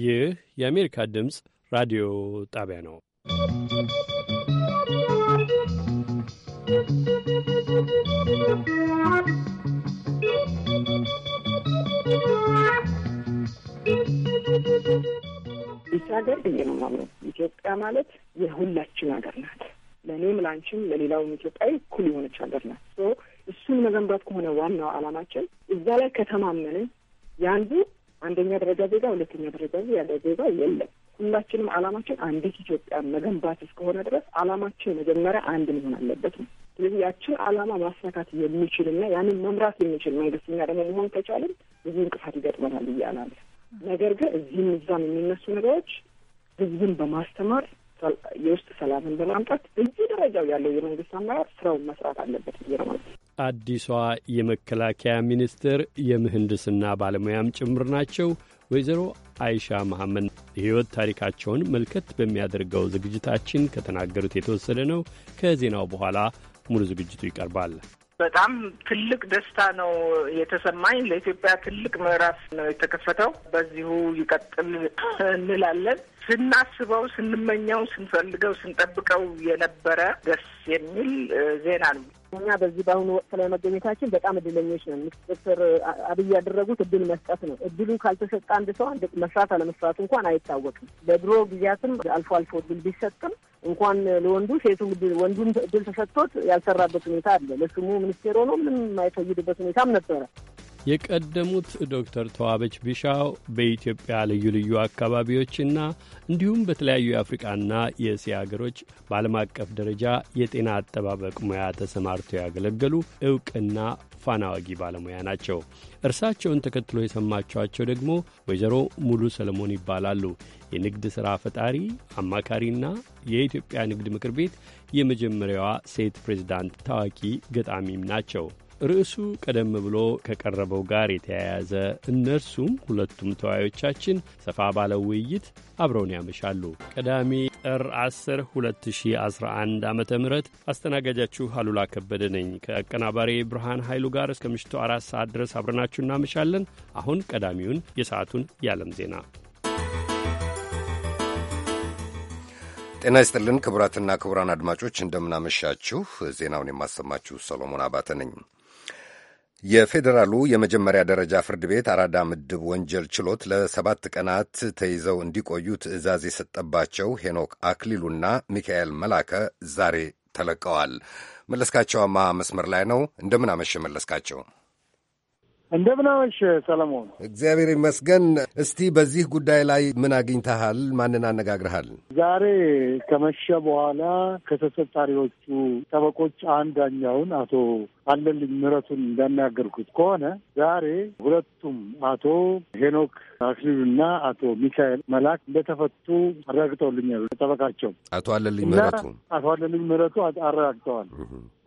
ይህ የአሜሪካ ድምፅ ራዲዮ ጣቢያ ነው። ይቺ ሀገር ብዬ ነው የማምነው። ኢትዮጵያ ማለት የሁላችን ሀገር ናት። ለእኔም ለአንቺም ለሌላውም ኢትዮጵያዊ እኩል የሆነች ሀገር ናት። እሱን መገንባት ከሆነ ዋናው አላማችን እዛ ላይ ከተማመንን የአንዱ አንደኛ ደረጃ ዜጋ፣ ሁለተኛ ደረጃ ዜጋ የለም። ሁላችንም ዓላማችን አንዲት ኢትዮጵያ መገንባት እስከሆነ ድረስ አላማችን መጀመሪያ አንድ መሆን አለበት ነው። ስለዚህ ያችን ዓላማ ማሳካት የሚችልና ያንን መምራት የሚችል መንግስትኛ ደግሞ መሆን ከቻልን ብዙ እንቅፋት ይገጥመናል እያላለ ነገር ግን እዚህም እዛም የሚነሱ ነገሮች ህዝብን በማስተማር የውስጥ ሰላምን በማምጣት እዚህ ደረጃው ያለው የመንግስት አመራር ስራውን መስራት አለበት ብዬ ነው ማለት ነው። አዲሷ የመከላከያ ሚኒስትር የምህንድስና ባለሙያም ጭምር ናቸው። ወይዘሮ አይሻ መሐመድ የሕይወት ታሪካቸውን መልከት በሚያደርገው ዝግጅታችን ከተናገሩት የተወሰደ ነው። ከዜናው በኋላ ሙሉ ዝግጅቱ ይቀርባል። በጣም ትልቅ ደስታ ነው የተሰማኝ። ለኢትዮጵያ ትልቅ ምዕራፍ ነው የተከፈተው። በዚሁ ይቀጥል እንላለን። ስናስበው፣ ስንመኘው፣ ስንፈልገው፣ ስንጠብቀው የነበረ ደስ የሚል ዜና ነው። እኛ በዚህ በአሁኑ ወቅት ላይ መገኘታችን በጣም እድለኞች ነን። ዶክተር አብይ ያደረጉት እድል መስጠት ነው። እድሉ ካልተሰጠ አንድ ሰው አንድ መስራት አለመስራቱ እንኳን አይታወቅም። በድሮ ጊዜያትም አልፎ አልፎ እድል ቢሰጥም እንኳን ለወንዱ ሴቱ ወንዱም እድል ተሰጥቶት ያልሰራበት ሁኔታ አለ። ለስሙ ሚኒስቴር ሆኖ ምንም የማይፈይድበት ሁኔታም ነበረ። የቀደሙት ዶክተር ተዋበች ቢሻው በኢትዮጵያ ልዩ ልዩ አካባቢዎችና እንዲሁም በተለያዩ የአፍሪቃና የእስያ አገሮች በዓለም አቀፍ ደረጃ የጤና አጠባበቅ ሙያ ተሰማርተው ያገለገሉ እውቅና ፋናዋጊ ባለሙያ ናቸው። እርሳቸውን ተከትሎ የሰማችኋቸው ደግሞ ወይዘሮ ሙሉ ሰለሞን ይባላሉ። የንግድ ሥራ ፈጣሪ አማካሪና የኢትዮጵያ ንግድ ምክር ቤት የመጀመሪያዋ ሴት ፕሬዚዳንት ታዋቂ ገጣሚም ናቸው። ርዕሱ ቀደም ብሎ ከቀረበው ጋር የተያያዘ እነርሱም ሁለቱም ተወያዮቻችን ሰፋ ባለው ውይይት አብረውን ያመሻሉ። ቅዳሜ ጥር 10 2011 ዓ ም አስተናጋጃችሁ አሉላ ከበደ ነኝ ከአቀናባሪ ብርሃን ኃይሉ ጋር እስከ ምሽቱ አራት ሰዓት ድረስ አብረናችሁ እናመሻለን። አሁን ቀዳሚውን የሰዓቱን የዓለም ዜና ጤና ይስጥልን ክቡራትና ክቡራን አድማጮች እንደምናመሻችሁ። ዜናውን የማሰማችሁ ሰሎሞን አባተ ነኝ። የፌዴራሉ የመጀመሪያ ደረጃ ፍርድ ቤት አራዳ ምድብ ወንጀል ችሎት ለሰባት ቀናት ተይዘው እንዲቆዩ ትዕዛዝ የሰጠባቸው ሄኖክ አክሊሉና ሚካኤል መላከ ዛሬ ተለቀዋል። መለስካቸው አማሃ መስመር ላይ ነው። እንደምን አመሸ መለስካቸው? እንደምናመሽ ሰለሞን። እግዚአብሔር ይመስገን። እስቲ በዚህ ጉዳይ ላይ ምን አግኝተሃል? ማንን አነጋግረሃል? ዛሬ ከመሸ በኋላ ከተጠርጣሪዎቹ ጠበቆች አንዳኛውን አቶ አለልኝ ምረቱን እንዳናገርኩት ከሆነ ዛሬ ሁለቱም አቶ ሄኖክ አክሊሉና አቶ ሚካኤል መላክ እንደተፈቱ አረጋግጠውልኛል። ጠበቃቸው አቶ አለልኝ ምረቱ አቶ አለልኝ ምረቱ አረጋግጠዋል።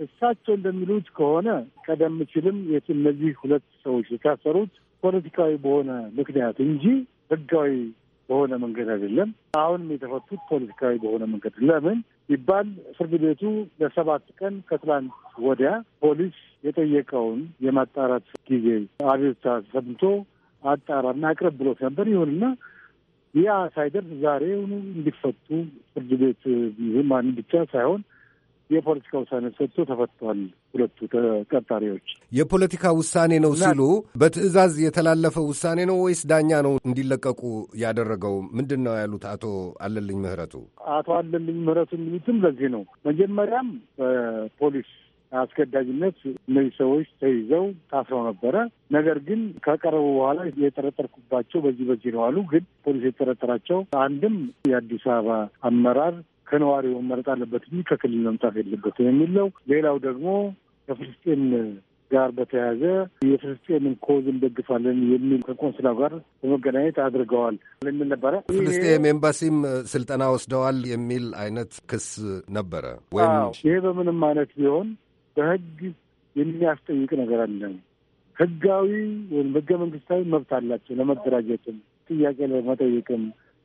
እሳቸው እንደሚሉት ከሆነ ቀደም ሲልም እነዚህ ሁለት ሰዎች የታሰሩት ፖለቲካዊ በሆነ ምክንያት እንጂ ህጋዊ በሆነ መንገድ አይደለም። አሁንም የተፈቱት ፖለቲካዊ በሆነ መንገድ ለምን ይባል ፍርድ ቤቱ ለሰባት ቀን ከትላንት ወዲያ ፖሊስ የጠየቀውን የማጣራት ጊዜ አቤቱታ ሰምቶ አጣራና አቅርብ ብሎት ነበር። ይሁንና ያ ሳይደርስ ዛሬውኑ እንዲፈቱ ፍርድ ቤት ማን ብቻ ሳይሆን የፖለቲካ ውሳኔ ሰጥቶ ተፈቷል። ሁለቱ ተቀጣሪዎች የፖለቲካ ውሳኔ ነው ሲሉ በትዕዛዝ የተላለፈ ውሳኔ ነው ወይስ ዳኛ ነው እንዲለቀቁ ያደረገው? ምንድን ነው ያሉት አቶ አለልኝ ምህረቱ? አቶ አለልኝ ምህረቱ የሚሉትም ለዚህ ነው። መጀመሪያም በፖሊስ አስገዳጅነት እነዚህ ሰዎች ተይዘው ታስረው ነበረ። ነገር ግን ከቀረቡ በኋላ የጠረጠርኩባቸው በዚህ በዚህ ነው አሉ። ግን ፖሊስ የጠረጠራቸው አንድም የአዲስ አበባ አመራር ከነዋሪው መመረጥ አለበት እንጂ ከክልል መምጣት የለበትም የሚለው ሌላው ደግሞ ከፍልስጤን ጋር በተያያዘ የፍልስጤንን ኮዝ እንደግፋለን የሚል ከቆንስላ ጋር በመገናኘት አድርገዋል የሚል ነበረ። ፍልስጤም ኤምባሲም ስልጠና ወስደዋል የሚል አይነት ክስ ነበረ። ወይም ይሄ በምንም አይነት ቢሆን በህግ የሚያስጠይቅ ነገር አለ። ህጋዊ ወይም ህገ መንግስታዊ መብት አላቸው ለመደራጀትም ጥያቄ ለመጠየቅም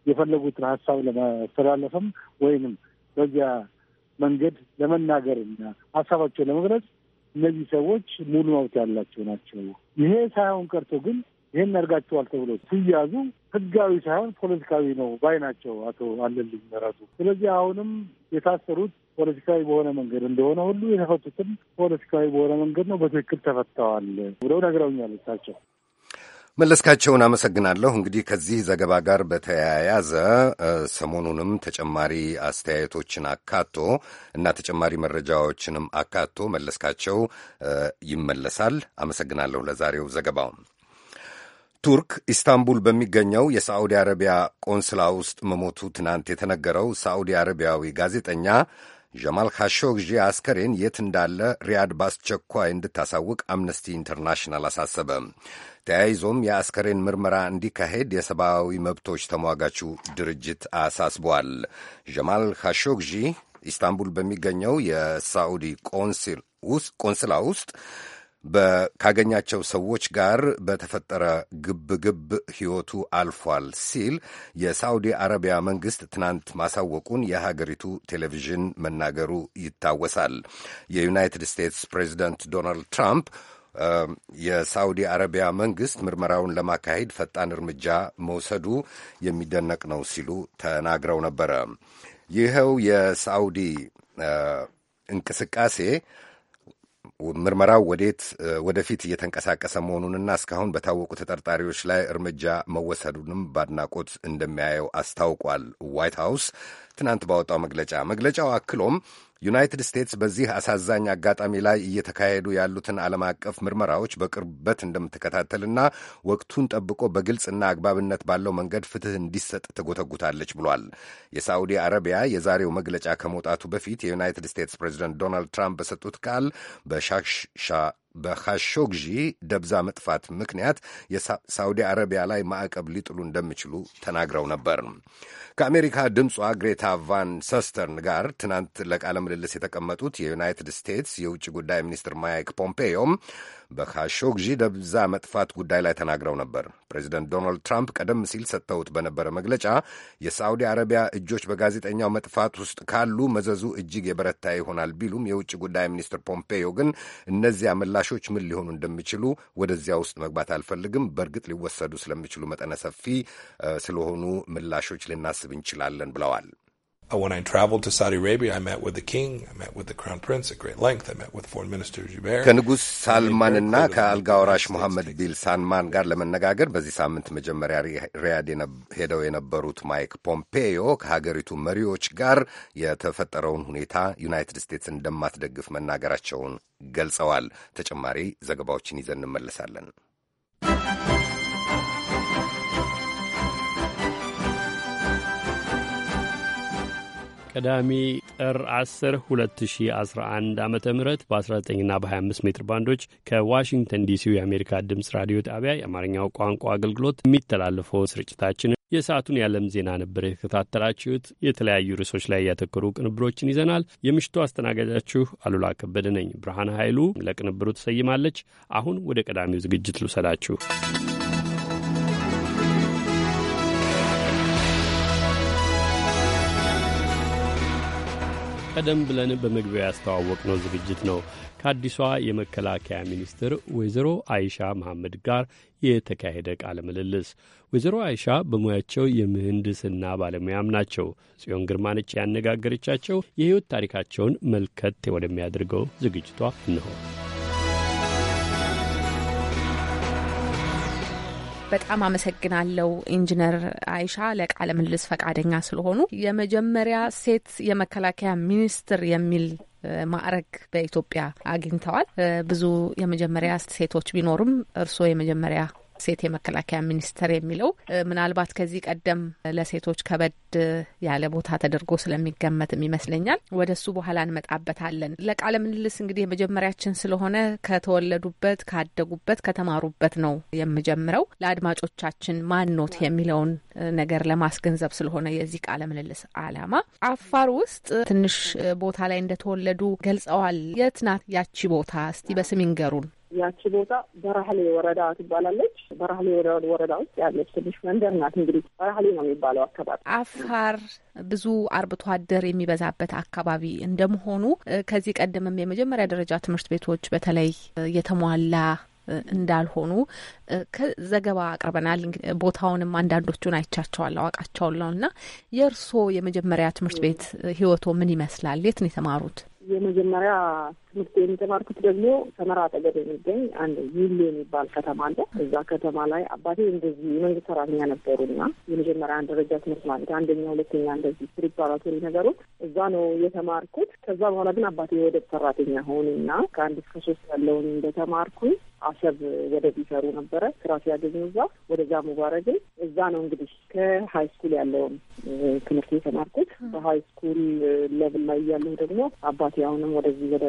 የፈለጉትን ሀሳብ ለማስተላለፍም ወይንም በዚያ መንገድ ለመናገርና ሀሳባቸው ለመግለጽ እነዚህ ሰዎች ሙሉ መብት ያላቸው ናቸው። ይሄ ሳይሆን ቀርቶ ግን ይህን ያርጋቸዋል ተብሎ ሲያዙ ህጋዊ ሳይሆን ፖለቲካዊ ነው ባይ ናቸው አቶ አለልኝ መራቱ። ስለዚህ አሁንም የታሰሩት ፖለቲካዊ በሆነ መንገድ እንደሆነ ሁሉ የተፈቱትም ፖለቲካዊ በሆነ መንገድ ነው። በትክክል ተፈተዋል ብለው ነግረውኛል እሳቸው። መለስካቸውን አመሰግናለሁ። እንግዲህ ከዚህ ዘገባ ጋር በተያያዘ ሰሞኑንም ተጨማሪ አስተያየቶችን አካቶ እና ተጨማሪ መረጃዎችንም አካቶ መለስካቸው ይመለሳል። አመሰግናለሁ ለዛሬው ዘገባው። ቱርክ ኢስታንቡል በሚገኘው የሳዑዲ አረቢያ ቆንስላ ውስጥ መሞቱ ትናንት የተነገረው ሳዑዲ አረቢያዊ ጋዜጠኛ ጀማል ካሾግዢ አስከሬን የት እንዳለ ሪያድ በአስቸኳይ እንድታሳውቅ አምነስቲ ኢንተርናሽናል አሳሰበ። ተያይዞም የአስከሬን ምርመራ እንዲካሄድ የሰብአዊ መብቶች ተሟጋቹ ድርጅት አሳስቧል። ጀማል ካሾግዢ ኢስታንቡል በሚገኘው የሳዑዲ ቆንስላ ውስጥ ካገኛቸው ሰዎች ጋር በተፈጠረ ግብግብ ሕይወቱ አልፏል ሲል የሳውዲ አረቢያ መንግሥት ትናንት ማሳወቁን የሀገሪቱ ቴሌቪዥን መናገሩ ይታወሳል። የዩናይትድ ስቴትስ ፕሬዚደንት ዶናልድ ትራምፕ የሳውዲ አረቢያ መንግሥት ምርመራውን ለማካሄድ ፈጣን እርምጃ መውሰዱ የሚደነቅ ነው ሲሉ ተናግረው ነበረ። ይኸው የሳውዲ እንቅስቃሴ ምርመራው ወዴት ወደፊት እየተንቀሳቀሰ መሆኑንና እስካሁን በታወቁ ተጠርጣሪዎች ላይ እርምጃ መወሰዱንም በአድናቆት እንደሚያየው አስታውቋል። ዋይት ሀውስ ትናንት ባወጣው መግለጫ መግለጫው አክሎም ዩናይትድ ስቴትስ በዚህ አሳዛኝ አጋጣሚ ላይ እየተካሄዱ ያሉትን ዓለም አቀፍ ምርመራዎች በቅርበት እንደምትከታተልና ወቅቱን ጠብቆ በግልጽና አግባብነት ባለው መንገድ ፍትህ እንዲሰጥ ትጎተጉታለች ብሏል። የሳዑዲ አረቢያ የዛሬው መግለጫ ከመውጣቱ በፊት የዩናይትድ ስቴትስ ፕሬዚደንት ዶናልድ ትራምፕ በሰጡት ቃል በሻሻ በካሾግዢ ደብዛ መጥፋት ምክንያት የሳውዲ አረቢያ ላይ ማዕቀብ ሊጥሉ እንደሚችሉ ተናግረው ነበር። ከአሜሪካ ድምጿ ግሬታ ቫን ሰስተርን ጋር ትናንት ለቃለ ምልልስ የተቀመጡት የዩናይትድ ስቴትስ የውጭ ጉዳይ ሚኒስትር ማይክ ፖምፔዮም በካሾግዢ ደብዛ መጥፋት ጉዳይ ላይ ተናግረው ነበር። ፕሬዚደንት ዶናልድ ትራምፕ ቀደም ሲል ሰጥተውት በነበረ መግለጫ የሳዑዲ አረቢያ እጆች በጋዜጠኛው መጥፋት ውስጥ ካሉ መዘዙ እጅግ የበረታ ይሆናል ቢሉም የውጭ ጉዳይ ሚኒስትር ፖምፔዮ ግን እነዚያ ምላሾች ምን ሊሆኑ እንደሚችሉ ወደዚያ ውስጥ መግባት አልፈልግም፣ በእርግጥ ሊወሰዱ ስለሚችሉ መጠነ ሰፊ ስለሆኑ ምላሾች ልናስብ እንችላለን ብለዋል። Uh, when I traveled to Saudi Arabia, I met with the king, I met with the crown prince at great length, I met with foreign minister Jubair. ከንጉሥ ሳልማንና ከአልጋ ወራሽ ሞሐመድ ቢል ሳልማን ጋር ለመነጋገር በዚህ ሳምንት መጀመሪያ ሪያድ ሄደው የነበሩት ማይክ ፖምፔዮ ከሀገሪቱ መሪዎች ጋር የተፈጠረውን ሁኔታ ዩናይትድ ስቴትስ እንደማትደግፍ መናገራቸውን ገልጸዋል። ተጨማሪ ዘገባዎችን ይዘን እንመለሳለን። ቅዳሜ ጥር 10 2011 ዓ ም በ19ና በ25 ሜትር ባንዶች ከዋሽንግተን ዲሲው የአሜሪካ ድምፅ ራዲዮ ጣቢያ የአማርኛው ቋንቋ አገልግሎት የሚተላለፈው ስርጭታችን የሰዓቱን የዓለም ዜና ነበር የተከታተላችሁት። የተለያዩ ርዕሶች ላይ ያተኮሩ ቅንብሮችን ይዘናል። የምሽቱ አስተናጋጃችሁ አሉላ ከበደ ነኝ። ብርሃን ኃይሉ ለቅንብሩ ትሰይማለች። አሁን ወደ ቀዳሚው ዝግጅት ልውሰዳችሁ። ቀደም ብለን በመግቢያ ያስተዋወቅነው ዝግጅት ነው ከአዲሷ የመከላከያ ሚኒስትር ወይዘሮ አይሻ መሐመድ ጋር የተካሄደ ቃለ ምልልስ። ወይዘሮ አይሻ በሙያቸው የምህንድስና ባለሙያም ናቸው። ጽዮን ግርማነች ያነጋገረቻቸው የሕይወት ታሪካቸውን መልከት ወደሚያደርገው ዝግጅቷ ነው። በጣም አመሰግናለሁ ኢንጂነር አይሻ ለቃለ ምልልስ ፈቃደኛ ስለሆኑ። የመጀመሪያ ሴት የመከላከያ ሚኒስትር የሚል ማዕረግ በኢትዮጵያ አግኝተዋል። ብዙ የመጀመሪያ ሴቶች ቢኖሩም እርስዎ የመጀመሪያ ሴት የመከላከያ ሚኒስቴር የሚለው ምናልባት ከዚህ ቀደም ለሴቶች ከበድ ያለ ቦታ ተደርጎ ስለሚገመትም ይመስለኛል። ወደ እሱ በኋላ እንመጣበታለን። ለቃለ ምልልስ እንግዲህ የመጀመሪያችን ስለሆነ ከተወለዱበት፣ ካደጉበት፣ ከተማሩበት ነው የምጀምረው። ለአድማጮቻችን ማንኖት የሚለውን ነገር ለማስገንዘብ ስለሆነ የዚህ ቃለ ምልልስ አላማ አፋር ውስጥ ትንሽ ቦታ ላይ እንደተወለዱ ገልጸዋል። የት ናት ያቺ ቦታ? እስቲ በስም ይንገሩን። ያቺ ቦታ በራህሌ ወረዳ ትባላለች። በራህሌ ወረዳ ውስጥ ያለች ትንሽ መንደር ናት። እንግዲህ በራህሌ ነው የሚባለው አካባቢ አፋር ብዙ አርብቶ አደር የሚበዛበት አካባቢ እንደመሆኑ ከዚህ ቀደምም የመጀመሪያ ደረጃ ትምህርት ቤቶች በተለይ የተሟላ እንዳልሆኑ ከዘገባ አቅርበናል። ቦታውንም አንዳንዶቹን አይቻቸዋለሁ አውቃቸዋለሁ። እና የእርስዎ የመጀመሪያ ትምህርት ቤት ህይወቶ ምን ይመስላል? የት ነው የተማሩት? የመጀመሪያ ትምህርት የተማርኩት ደግሞ ሰመራ አጠገብ የሚገኝ አንድ ይሌ የሚባል ከተማ አለ። እዛ ከተማ ላይ አባቴ እንደዚህ የመንግስት ሰራተኛ ነበሩና የመጀመሪያ ደረጃ ትምህርት ማለት አንደኛ፣ ሁለተኛ እንደዚህ ፕሪፓራቶሪ ነገሩ እዛ ነው የተማርኩት። ከዛ በኋላ ግን አባቴ የወደብ ሰራተኛ ሆንና ከአንድ እስከ ሶስት ያለውን እንደተማርኩኝ አሰብ ወደብ ይሰሩ ነበረ። ስራ ሲያገኙ እዛ ወደዛ ሙባረግን እዛ ነው እንግዲህ ከሀይ ስኩል ያለውን ትምህርት የተማርኩት። በሀይ ስኩል ለብል ላይ እያለሁ ደግሞ አባቴ አሁንም ወደዚህ ወደ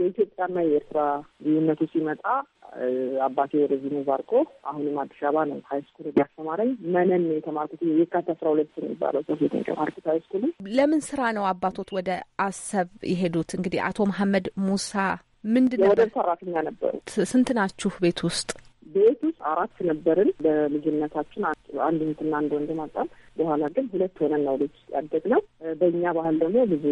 የኢትዮጵያና የኤርትራ ልዩነቱ ሲመጣ አባቴ ወደዚህ ሙባርቆ አሁንም አዲስ አበባ ነው ሀይ ስኩል ያስተማረኝ። መነን የተማርኩት የካታ አስራ ሁለት የሚባለው ሶሴት የተማርኩት ሀይ ስኩል። ለምን ስራ ነው አባቶት ወደ አሰብ የሄዱት? እንግዲህ አቶ መሀመድ ሙሳ ምንድን ነበር? የወደብ ሰራተኛ ነበሩ። ስንት ናችሁ ቤት ውስጥ? ቤት ውስጥ አራት ነበርን። በልጅነታችን አንድ እንትና አንድ ወንድም አጣን። በኋላ ግን ሁለት ሆነን ነው ልጅ ያደግ ነው። በእኛ ባህል ደግሞ ብዙ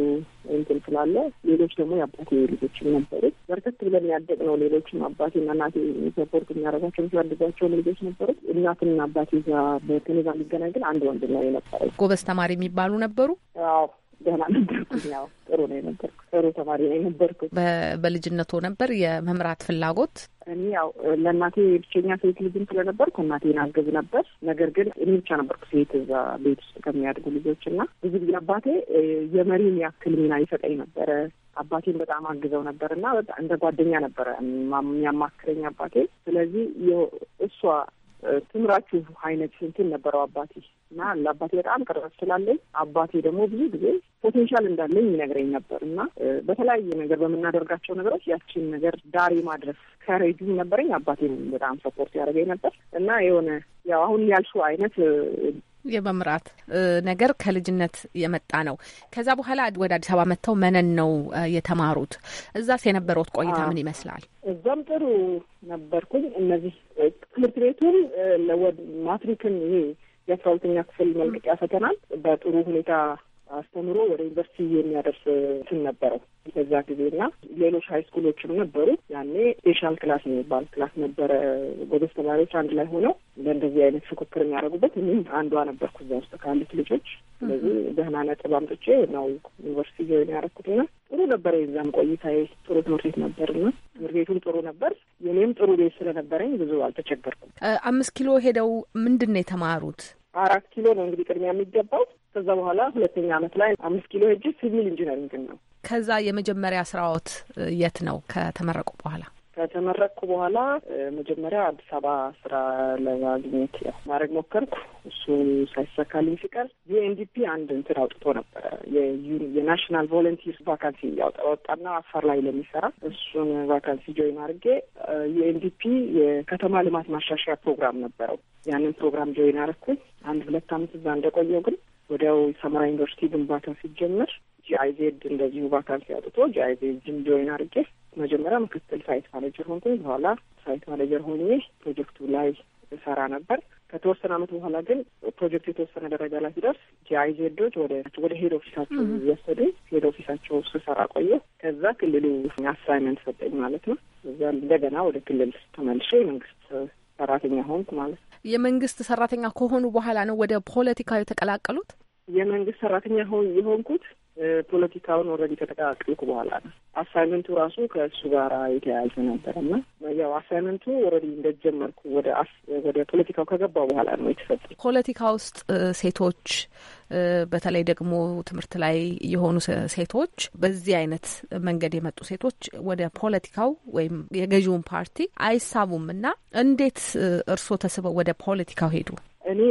እንትን ስላለ ሌሎች ደግሞ የአባቴ ልጆችም ነበሩ። በርከት ብለን ያደግ ነው። ሌሎችም አባቴና እናቴ ሰፖርት የሚያደርጋቸው የሚፈልጓቸውም ልጆች ነበሩ። እናትና አባቴ ጋር በትንዛ ጋር የሚገናኝ ግን አንድ ወንድም ነው የነበረ። ጎበዝ ተማሪ የሚባሉ ነበሩ። አዎ ደህና ነበርኩኝ። ያው ጥሩ ነው የነበርኩ ጥሩ ተማሪ ነው የነበርኩት። በልጅነቱ ነበር የመምራት ፍላጎት? እኔ ያው ለእናቴ ብቸኛ ሴት ልጅም ስለነበርኩ እናቴን አግዝ ነበር። ነገር ግን እኔ ብቻ ነበርኩ ሴት እዛ ቤት ውስጥ ከሚያድጉ ልጆች እና ብዙ ጊዜ አባቴ የመሪን ያክል ሚና ይሰጠኝ ነበረ። አባቴን በጣም አግዘው ነበር እና እንደ ጓደኛ ነበረ የሚያማክረኝ አባቴ። ስለዚህ እሷ ትምራችሁ አይነት እንትን ነበረው አባቴ እና ለአባቴ በጣም ቅርበት ስላለኝ አባቴ ደግሞ ብዙ ጊዜ ፖቴንሻል እንዳለኝ ይነግረኝ ነበር እና በተለያየ ነገር በምናደርጋቸው ነገሮች ያችን ነገር ዳሬ ማድረስ ከሬጁ ነበረኝ። አባቴ በጣም ሰፖርት ያደርገኝ ነበር እና የሆነ ያው አሁን ያልሱ አይነት የመምራት ነገር ከልጅነት የመጣ ነው። ከዛ በኋላ ወደ አዲስ አበባ መጥተው መነን ነው የተማሩት። እዛስ የነበረውት ቆይታ ምን ይመስላል? እዛም ጥሩ ነበርኩኝ። እነዚህ ትምህርት ቤቱን ማትሪክን ይሄ የአስራ ሁለተኛ ክፍል መልቀቂያ ፈተናል በጥሩ ሁኔታ አስተምሮ ወደ ዩኒቨርሲቲ የሚያደርስ እንትን ነበረው በዛ ጊዜ እና ሌሎች ሀይ ስኩሎችም ነበሩ። ያኔ ስፔሻል ክላስ የሚባል ክላስ ነበረ። ጎበዝ ተማሪዎች አንድ ላይ ሆነው ለእንደዚህ አይነት ፉክክር የሚያደርጉበት እኔም አንዷ ነበርኩ እዛ ውስጥ ካሉት ልጆች። ስለዚህ ደህና ነጥብ አምጥቼ ነው ዩኒቨርሲቲ ጆይን ያደረኩትና ጥሩ ነበረ። የዛም ቆይታዬ ጥሩ ትምህርት ቤት ነበር ነበርና ትምህርት ቤቱም ጥሩ ነበር። የኔም ጥሩ ቤት ስለነበረኝ ብዙ አልተቸገርኩም። አምስት ኪሎ ሄደው ምንድን ነው የተማሩት? አራት ኪሎ ነው እንግዲህ ቅድሚያ የሚገባው። ከዛ በኋላ ሁለተኛ አመት ላይ አምስት ኪሎ ሄጄ ሲቪል ኢንጂነሪንግ ነው። ከዛ የመጀመሪያ ስራዎት የት ነው ከተመረቁ በኋላ? ከተመረቅኩ በኋላ መጀመሪያ አዲስ አበባ ስራ ለማግኘት ያው ማድረግ ሞከርኩ። እሱ ሳይሳካልኝ ሲቀር ዩኤንዲፒ አንድ እንትን አውጥቶ ነበረ የናሽናል ቮለንቲርስ ቫካንሲ ያወጣና አፋር ላይ ለሚሰራ እሱን ቫካንሲ ጆይን አድርጌ ዩኤንዲፒ የከተማ ልማት ማሻሻያ ፕሮግራም ነበረው። ያንን ፕሮግራም ጆይን አደረኩኝ። አንድ ሁለት አመት እዛ እንደቆየው ግን ወዲያው ሰመራ ዩኒቨርሲቲ ግንባታ ሲጀምር ጂአይዜድ እንደዚሁ ቫካንሲ አውጥቶ ጂአይዜድ ጅም ጆይን አድርጌ መጀመሪያ ምክትል ሳይት ማኔጀር ሆንኩኝ። በኋላ ሳይት ማኔጀር ሆኜ ፕሮጀክቱ ላይ ሰራ ነበር። ከተወሰነ አመት በኋላ ግን ፕሮጀክቱ የተወሰነ ደረጃ ላይ ሲደርስ ጂአይዜዶች ወደ ወደ ሄድ ኦፊሳቸው ወሰዱ። ሄድ ኦፊሳቸው ስሰራ ቆየ። ከዛ ክልሉ አሳይመንት ሰጠኝ ማለት ነው። እዛ እንደገና ወደ ክልል ተመልሼ መንግስት ሰራተኛ ሆንኩ ማለት ነው። የመንግስት ሰራተኛ ከሆኑ በኋላ ነው ወደ ፖለቲካው የተቀላቀሉት። የመንግስት ሰራተኛ ሆን የሆንኩት ፖለቲካውን ኦልሬዲ ከተቀላቀልኩ በኋላ ነው። አሳይመንቱ ራሱ ከእሱ ጋር የተያያዘ ነበር እና ያው አሳይመንቱ ኦልሬዲ እንደጀመርኩ ወደ ወደ ፖለቲካው ከገባ በኋላ ነው የተሰጠ። ፖለቲካ ውስጥ ሴቶች በተለይ ደግሞ ትምህርት ላይ የሆኑ ሴቶች በዚህ አይነት መንገድ የመጡ ሴቶች ወደ ፖለቲካው ወይም የገዢውን ፓርቲ አይሳቡም እና እንዴት እርስዎ ተስበው ወደ ፖለቲካው ሄዱ? እኔ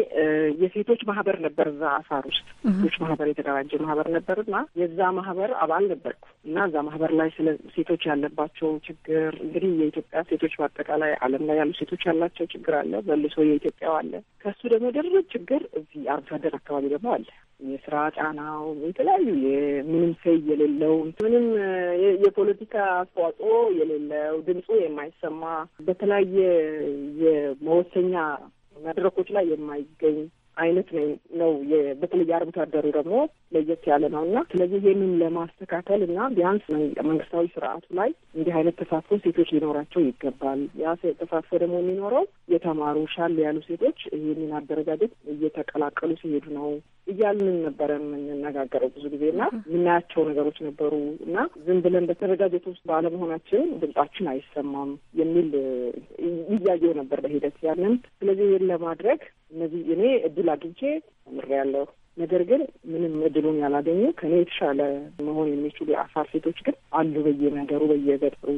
የሴቶች ማህበር ነበር እዛ አሳር ውስጥ ሴቶች ማህበር የተደራጀ ማህበር ነበር እና የዛ ማህበር አባል ነበርኩ እና እዛ ማህበር ላይ ስለ ሴቶች ያለባቸው ችግር እንግዲህ የኢትዮጵያ ሴቶች በአጠቃላይ ዓለም ላይ ያሉ ሴቶች ያላቸው ችግር አለ፣ መልሶ የኢትዮጵያው አለ። ከሱ ደግሞ ደረብ ችግር እዚህ አርሶ አደር አካባቢ ደግሞ አለ። የስራ ጫናው የተለያዩ የምንም ሰይ የሌለው ምንም የፖለቲካ አስተዋጽኦ የሌለው ድምፁ የማይሰማ በተለያየ የመወሰኛ መድረኮች ላይ የማይገኝ አይነት ነው። በተለይ አርብቶ አደሩ ደግሞ ለየት ያለ ነው እና ስለዚህ ይህንን ለማስተካከል እና ቢያንስ መንግስታዊ ስርዓቱ ላይ እንዲህ አይነት ተሳትፎ ሴቶች ሊኖራቸው ይገባል። ያ ተሳትፎ ደግሞ የሚኖረው የተማሩ ሻል ያሉ ሴቶች ይህንን አደረጃጀት እየተቀላቀሉ ሲሄዱ ነው እያልንን ነበረ የምንነጋገረው ብዙ ጊዜ እና የምናያቸው ነገሮች ነበሩ እና ዝም ብለን በተረጋጀት ውስጥ ባለመሆናችን ድምጻችን አይሰማም የሚል እያየው ነበር በሂደት ያንን። ስለዚህ ይህን ለማድረግ እነዚህ እኔ እድል አግኝቼ ምሬያለሁ። ነገር ግን ምንም እድሉን ያላገኙ ከእኔ የተሻለ መሆን የሚችሉ የአፋር ሴቶች ግን አሉ በየነገሩ በየገጠሩ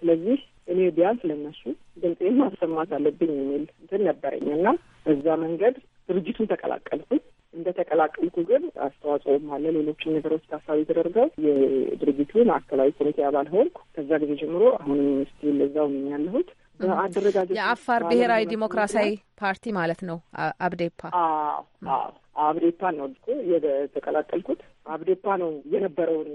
ስለዚህ እኔ ቢያንስ ለነሱ ድምጤን ማሰማት አለብኝ የሚል እንትን ነበረኝ እና በዛ መንገድ ድርጅቱን ተቀላቀልኩኝ። እንደ ተቀላቀልኩ ግን አስተዋጽኦም አለ። ሌሎችን ነገሮች ታሳቢ ተደርገው የድርጅቱ ማዕከላዊ ኮሚቴ አባል ሆንኩ። ከዛ ጊዜ ጀምሮ አሁንም ስቲል እዛው ነኝ ያለሁት። በአደረጃጀት የአፋር ብሔራዊ ዲሞክራሲያዊ ፓርቲ ማለት ነው አብዴፓ። አብዴፓ ነው እኮ የተቀላቀልኩት። አብዴፓ ነው የነበረውን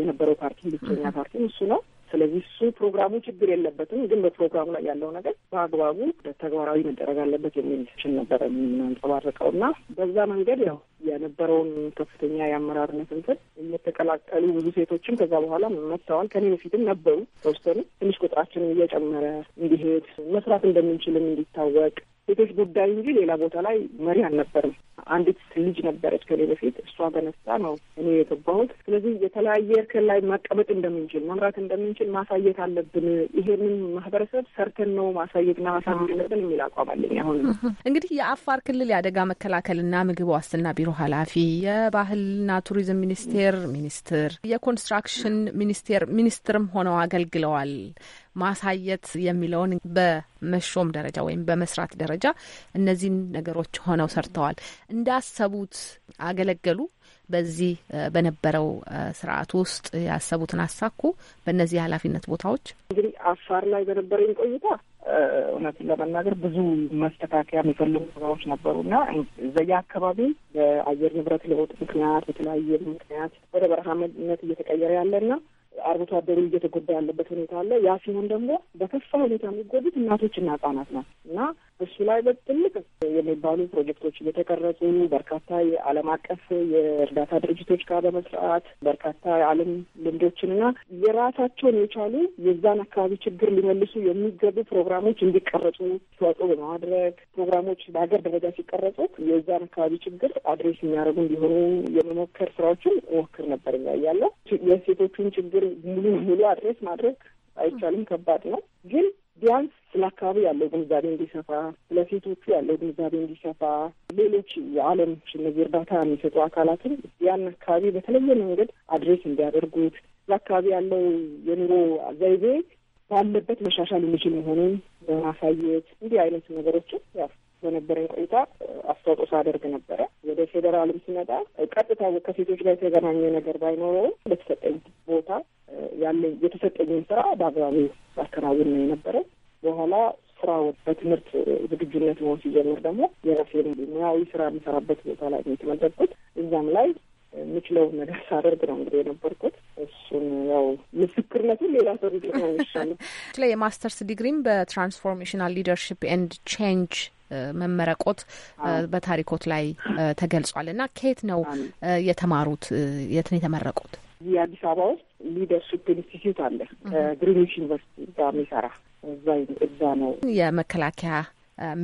የነበረው ፓርቲ ብቸኛ ፓርቲ እሱ ነው። ስለዚህ እሱ ፕሮግራሙ ችግር የለበትም፣ ግን በፕሮግራሙ ላይ ያለው ነገር በአግባቡ ተግባራዊ መደረግ አለበት የሚል ችል ነበረ የምናንጸባርቀው እና በዛ መንገድ ያው የነበረውን ከፍተኛ የአመራርነት እንትን እየተቀላቀሉ ብዙ ሴቶችም ከዛ በኋላ መጥተዋል። ከኔ በፊትም ነበሩ ተወሰኑ። ትንሽ ቁጥራችንም እየጨመረ እንዲሄድ መስራት እንደምንችልም እንዲታወቅ ሴቶች ጉዳይ እንጂ ሌላ ቦታ ላይ መሪ አልነበርም። አንዲት ልጅ ነበረች ከኔ በፊት እሷ በነሳ ነው እኔ የገባሁት። ስለዚህ የተለያየ እርከን ላይ መቀመጥ እንደምንችል፣ መምራት እንደምንችል ማሳየት አለብን። ይሄንን ማህበረሰብ ሰርተን ነው ማሳየትና ማሳየት አለብን የሚል አቋም አለኝ። አሁን እንግዲህ የአፋር ክልል የአደጋ መከላከልና ምግብ ዋስትና ቢሮ ኃላፊ፣ የባህልና ቱሪዝም ሚኒስቴር ሚኒስትር፣ የኮንስትራክሽን ሚኒስቴር ሚኒስትርም ሆነው አገልግለዋል። ማሳየት የሚለውን በመሾም ደረጃ ወይም በመስራት ደረጃ እነዚህን ነገሮች ሆነው ሰርተዋል። እንዳሰቡት አገለገሉ። በዚህ በነበረው ስርዓት ውስጥ ያሰቡትን አሳኩ። በእነዚህ የኃላፊነት ቦታዎች እንግዲህ አፋር ላይ በነበረኝ ቆይታ እውነትን ለመናገር ብዙ መስተካከያ የሚፈልጉ ነገሮች ነበሩ እና እዘያ አካባቢ በአየር ንብረት ለውጥ ምክንያት በተለያየ ምክንያት ወደ በረሃነት እየተቀየረ ያለ እና አርብቶ አደሩ እየተጎዳ ያለበት ሁኔታ አለ። ያ ሲሆን ደግሞ በከፋ ሁኔታ የሚጎዱት እናቶችና ህጻናት ናት እና እሱ ላይ በትልቅ የሚባሉ ፕሮጀክቶች እየተቀረጹ በርካታ የዓለም አቀፍ የእርዳታ ድርጅቶች ጋር በመስራት በርካታ የዓለም ልምዶችንና የራሳቸውን የቻሉ የዛን አካባቢ ችግር ሊመልሱ የሚገቡ ፕሮግራሞች እንዲቀረጹ ተዋጽኦ በማድረግ ፕሮግራሞች በሀገር ደረጃ ሲቀረጹ የዛን አካባቢ ችግር አድሬስ የሚያደርጉ እንዲሆኑ የመሞከር ስራዎችን ሞክር ነበር ያለው። የሴቶቹን ችግር ሙሉ ሙሉ አድሬስ ማድረግ አይቻልም፣ ከባድ ነው ግን ቢያንስ ስለ አካባቢ ያለው ግንዛቤ እንዲሰፋ፣ ስለ ሴቶቹ ያለው ግንዛቤ እንዲሰፋ፣ ሌሎች የዓለም እነዚህ እርዳታ የሚሰጡ አካላትም ያን አካባቢ በተለየ መንገድ አድሬስ እንዲያደርጉት ስለ አካባቢ ያለው የኑሮ ዘይቤ ባለበት መሻሻል የሚችል መሆኑን በማሳየት እንዲህ አይነት ነገሮችን ያው በነበረኝ ቆይታ አስተዋጽኦ ሳደርግ ነበረ። ወደ ፌዴራልም ስመጣ ቀጥታ ከሴቶች ጋር የተገናኘ ነገር ባይኖረውም በተሰጠኝ ቦታ ያለኝ የተሰጠኝን ስራ በአግባቡ አከናውን ነው የነበረ። በኋላ ስራው በትምህርት ዝግጁነት መሆን ሲጀምር ደግሞ የራሴን ሙያዊ ስራ የምሰራበት ቦታ ላይ የተመደብኩት እዛም ላይ የምችለውን ነገር ሳደርግ ነው እንግዲህ የነበርኩት። እሱን ያው ምስክርነቱን ሌላ ሰው ነው ይችላል። የማስተርስ ዲግሪም በትራንስፎርሜሽናል ሊደርሽፕ ኤንድ ቼንጅ መመረቆት በታሪኮት ላይ ተገልጿል እና ከየት ነው የተማሩት? የት ነው የተመረቁት? እዚህ አዲስ አበባ ውስጥ ሊደርሽፕ ኢንስቲትዩት አለ ከግሪኒች ዩኒቨርሲቲ ጋር የሚሰራ እዛ እዛ ነው የመከላከያ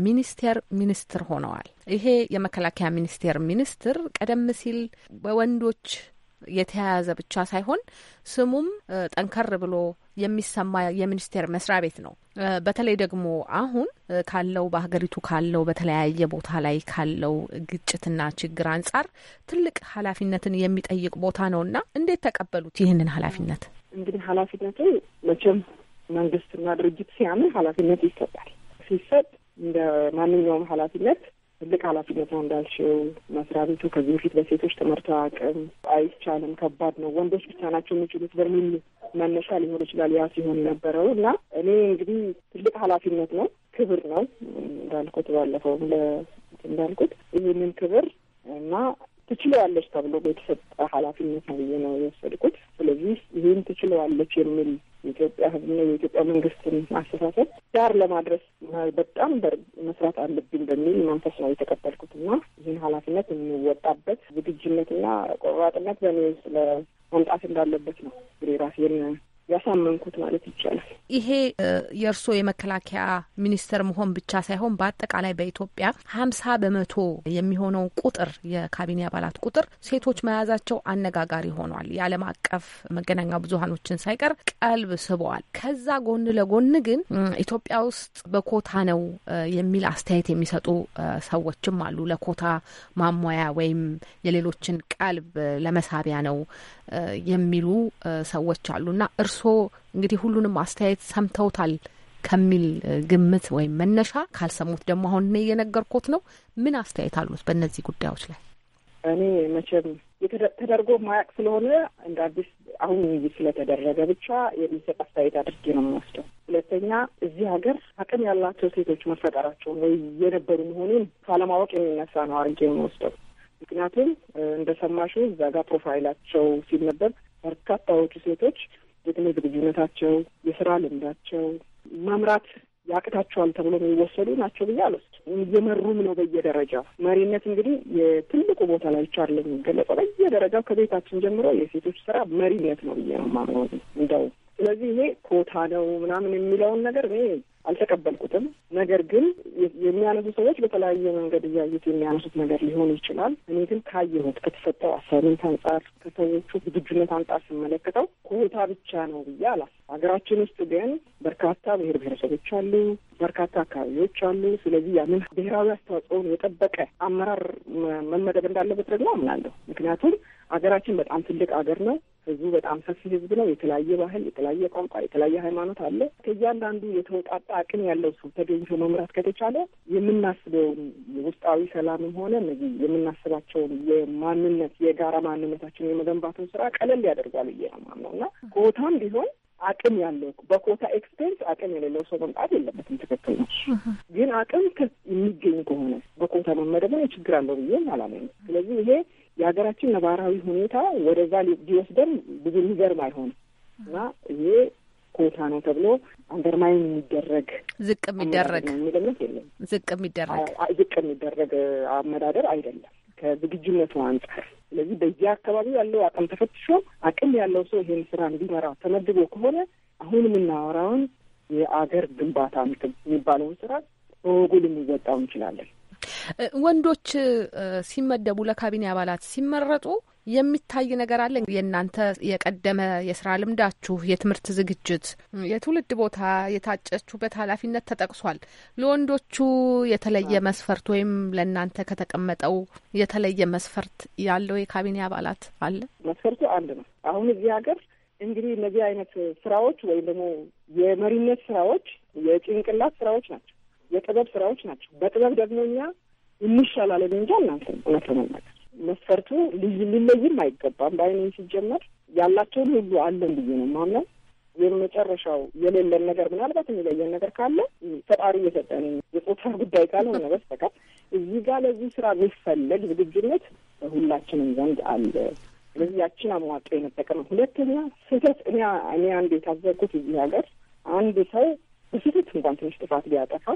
ሚኒስቴር ሚኒስትር ሆነዋል። ይሄ የመከላከያ ሚኒስቴር ሚኒስትር ቀደም ሲል በወንዶች የተያያዘ ብቻ ሳይሆን ስሙም ጠንከር ብሎ የሚሰማ የሚኒስቴር መስሪያ ቤት ነው። በተለይ ደግሞ አሁን ካለው በሀገሪቱ ካለው በተለያየ ቦታ ላይ ካለው ግጭትና ችግር አንጻር ትልቅ ኃላፊነትን የሚጠይቅ ቦታ ነው እና እንዴት ተቀበሉት ይህንን ኃላፊነት? እንግዲህ ኃላፊነቱ መቼም መንግስትና ድርጅት ሲያምን ኃላፊነት ይሰጣል። ሲሰጥ እንደ ማንኛውም ኃላፊነት ትልቅ ኃላፊነት ነው እንዳልሽው። መስሪያ ቤቱ ከዚህ በፊት በሴቶች ትምህርት አቅም አይቻልም፣ ከባድ ነው፣ ወንዶች ብቻ ናቸው የሚችሉት በሚል መነሻ ሊሆን ይችላል ያ ሲሆን የነበረው እና እኔ እንግዲህ ትልቅ ኃላፊነት ነው፣ ክብር ነው እንዳልኩት፣ ባለፈው እንዳልኩት ይህንን ክብር እና ትችለዋለች ተብሎ በተሰጠ ኃላፊነት ነው ብዬ ነው የወሰድኩት። ስለዚህ ይህን ትችለዋለች የሚል የኢትዮጵያ ህዝብና የኢትዮጵያ መንግስትን አስተሳሰብ ዳር ለማድረስ በጣም መስራት አለብኝ በሚል መንፈስ ነው የተቀበልኩት እና ይህን ኃላፊነት የምወጣበት ዝግጅነትና ቆራጥነት በእኔ ስለ መምጣት እንዳለበት ነው እንግዲህ ራሴን ያሳመንኩት ማለት ይቻላል። ይሄ የእርስዎ የመከላከያ ሚኒስትር መሆን ብቻ ሳይሆን በአጠቃላይ በኢትዮጵያ ሀምሳ በመቶ የሚሆነው ቁጥር የካቢኔ አባላት ቁጥር ሴቶች መያዛቸው አነጋጋሪ ሆኗል። የዓለም አቀፍ መገናኛ ብዙሀኖችን ሳይቀር ቀልብ ስበዋል። ከዛ ጎን ለጎን ግን ኢትዮጵያ ውስጥ በኮታ ነው የሚል አስተያየት የሚሰጡ ሰዎችም አሉ። ለኮታ ማሟያ ወይም የሌሎችን ቀልብ ለመሳቢያ ነው የሚሉ ሰዎች አሉና እርስዎ እንግዲህ ሁሉንም አስተያየት ሰምተውታል ከሚል ግምት ወይም መነሻ ካልሰሙት ደግሞ አሁን እኔ እየነገርኩት ነው። ምን አስተያየት አሉት በእነዚህ ጉዳዮች ላይ? እኔ መቼም ተደርጎ ማያቅ ስለሆነ እንደ አዲስ አሁን ውይይት ስለተደረገ ብቻ የሚሰጥ አስተያየት አድርጌ ነው የሚወስደው። ሁለተኛ እዚህ ሀገር አቅም ያላቸው ሴቶች መፈጠራቸውን ወይ የነበሩ መሆኑን ካለማወቅ የሚነሳ ነው አድርጌ የሚወስደው። ምክንያቱም እንደሰማሽው እዛ ጋር ፕሮፋይላቸው ሲል ነበር በርካታዎቹ ሴቶች የትምህርት ዝግጁነታቸው፣ የስራ ልምዳቸው መምራት ያቅታቸዋል ተብሎ የሚወሰዱ ናቸው ብዬ አልወስድም። እየመሩም ነው በየደረጃው። መሪነት እንግዲህ የትልቁ ቦታ ላይ ብቻ አይደለም የሚገለጸው። በየደረጃው ከቤታችን ጀምሮ የሴቶች ስራ መሪነት ነው ብዬ ነው የማምነው እንደው ስለዚህ ይሄ ኮታ ነው ምናምን የሚለውን ነገር እኔ አልተቀበልኩትም። ነገር ግን የሚያነሱ ሰዎች በተለያየ መንገድ እያዩት የሚያነሱት ነገር ሊሆን ይችላል። እኔ ግን ካየሁት ከተሰጠው አሳይመንት አንጻር ከሰዎቹ ዝግጁነት አንጻር ስመለከተው ኮታ ብቻ ነው ብዬ አላ ሀገራችን ውስጥ ግን በርካታ ብሔር ብሔረሰቦች አሉ፣ በርካታ አካባቢዎች አሉ። ስለዚህ ያንን ብሔራዊ አስተዋጽኦን የጠበቀ አመራር መመደብ እንዳለበት ደግሞ አምናለሁ። ምክንያቱም ሀገራችን በጣም ትልቅ ሀገር ነው። ህዝቡ በጣም ሰፊ ህዝብ ነው። የተለያየ ባህል፣ የተለያየ ቋንቋ፣ የተለያየ ሃይማኖት አለ። ከእያንዳንዱ የተወጣጣ አቅም ያለው ሰው ተገኝቶ መምራት ከተቻለ የምናስበውን ውስጣዊ ሰላምም ሆነ እነዚህ የምናስባቸውን የማንነት የጋራ ማንነታችን የመገንባትን ስራ ቀለል ያደርጓል ብዬ ነው የማምነው እና ኮታም ቢሆን አቅም ያለው በኮታ ኤክስፔንስ አቅም የሌለው ሰው መምጣት የለበትም። ትክክል ነው። ግን አቅም የሚገኝ ከሆነ በኮታ መመደብ ችግር አለው ብዬም አላምንም። ስለዚህ ይሄ የሀገራችን ነባራዊ ሁኔታ ወደዛ ሊወስደን ብዙ የሚገርም አይሆንም እና ይሄ ኮታ ነው ተብሎ አንደርማይን የሚደረግ ዝቅ የሚደረግ የሚለምነት የለም። ዝቅ የሚደረግ ዝቅ የሚደረግ አመዳደር አይደለም ከዝግጁነቱ አንጻር። ስለዚህ በየአካባቢው ያለው አቅም ተፈትሾ አቅም ያለው ሰው ይሄን ስራ እንዲመራ ተመድቦ ከሆነ አሁን የምናወራውን የአገር ግንባታ የሚባለውን ስራ በወጉ ልንወጣው እንችላለን። ወንዶች ሲመደቡ ለካቢኔ አባላት ሲመረጡ የሚታይ ነገር አለ? የእናንተ የቀደመ የስራ ልምዳችሁ፣ የትምህርት ዝግጅት፣ የትውልድ ቦታ፣ የታጨችሁበት ኃላፊነት ተጠቅሷል። ለወንዶቹ የተለየ መስፈርት ወይም ለእናንተ ከተቀመጠው የተለየ መስፈርት ያለው የካቢኔ አባላት አለ? መስፈርቱ አንድ ነው። አሁን እዚህ ሀገር እንግዲህ እነዚህ አይነት ስራዎች ወይም ደግሞ የመሪነት ስራዎች የጭንቅላት ስራዎች ናቸው፣ የጥበብ ስራዎች ናቸው። በጥበብ ደግሞ እኛ እንሻላለን እንጂ እናንተ እውነት ለመናገር መስፈርቱ ልዩ ሊለይም አይገባም። በአይኔ ሲጀመር ያላቸውን ሁሉ አለን ብዬ ነው ማምነው። የመጨረሻው የሌለን ነገር ምናልባት የሚለየን ነገር ካለ ፈጣሪ እየሰጠን የጾታ ጉዳይ ካልሆነ በስተቀር እዚህ ጋር ለዚህ ስራ የሚፈለግ ዝግጁነት ሁላችንም ዘንድ አለ። ስለዚህ ያችን አሟጦ የመጠቀም ሁለተኛ ስህተት እኔ እኔ አንድ የታዘብኩት እዚህ ሀገር አንድ ሰው በስህተት እንኳን ትንሽ ጥፋት ሊያጠፋ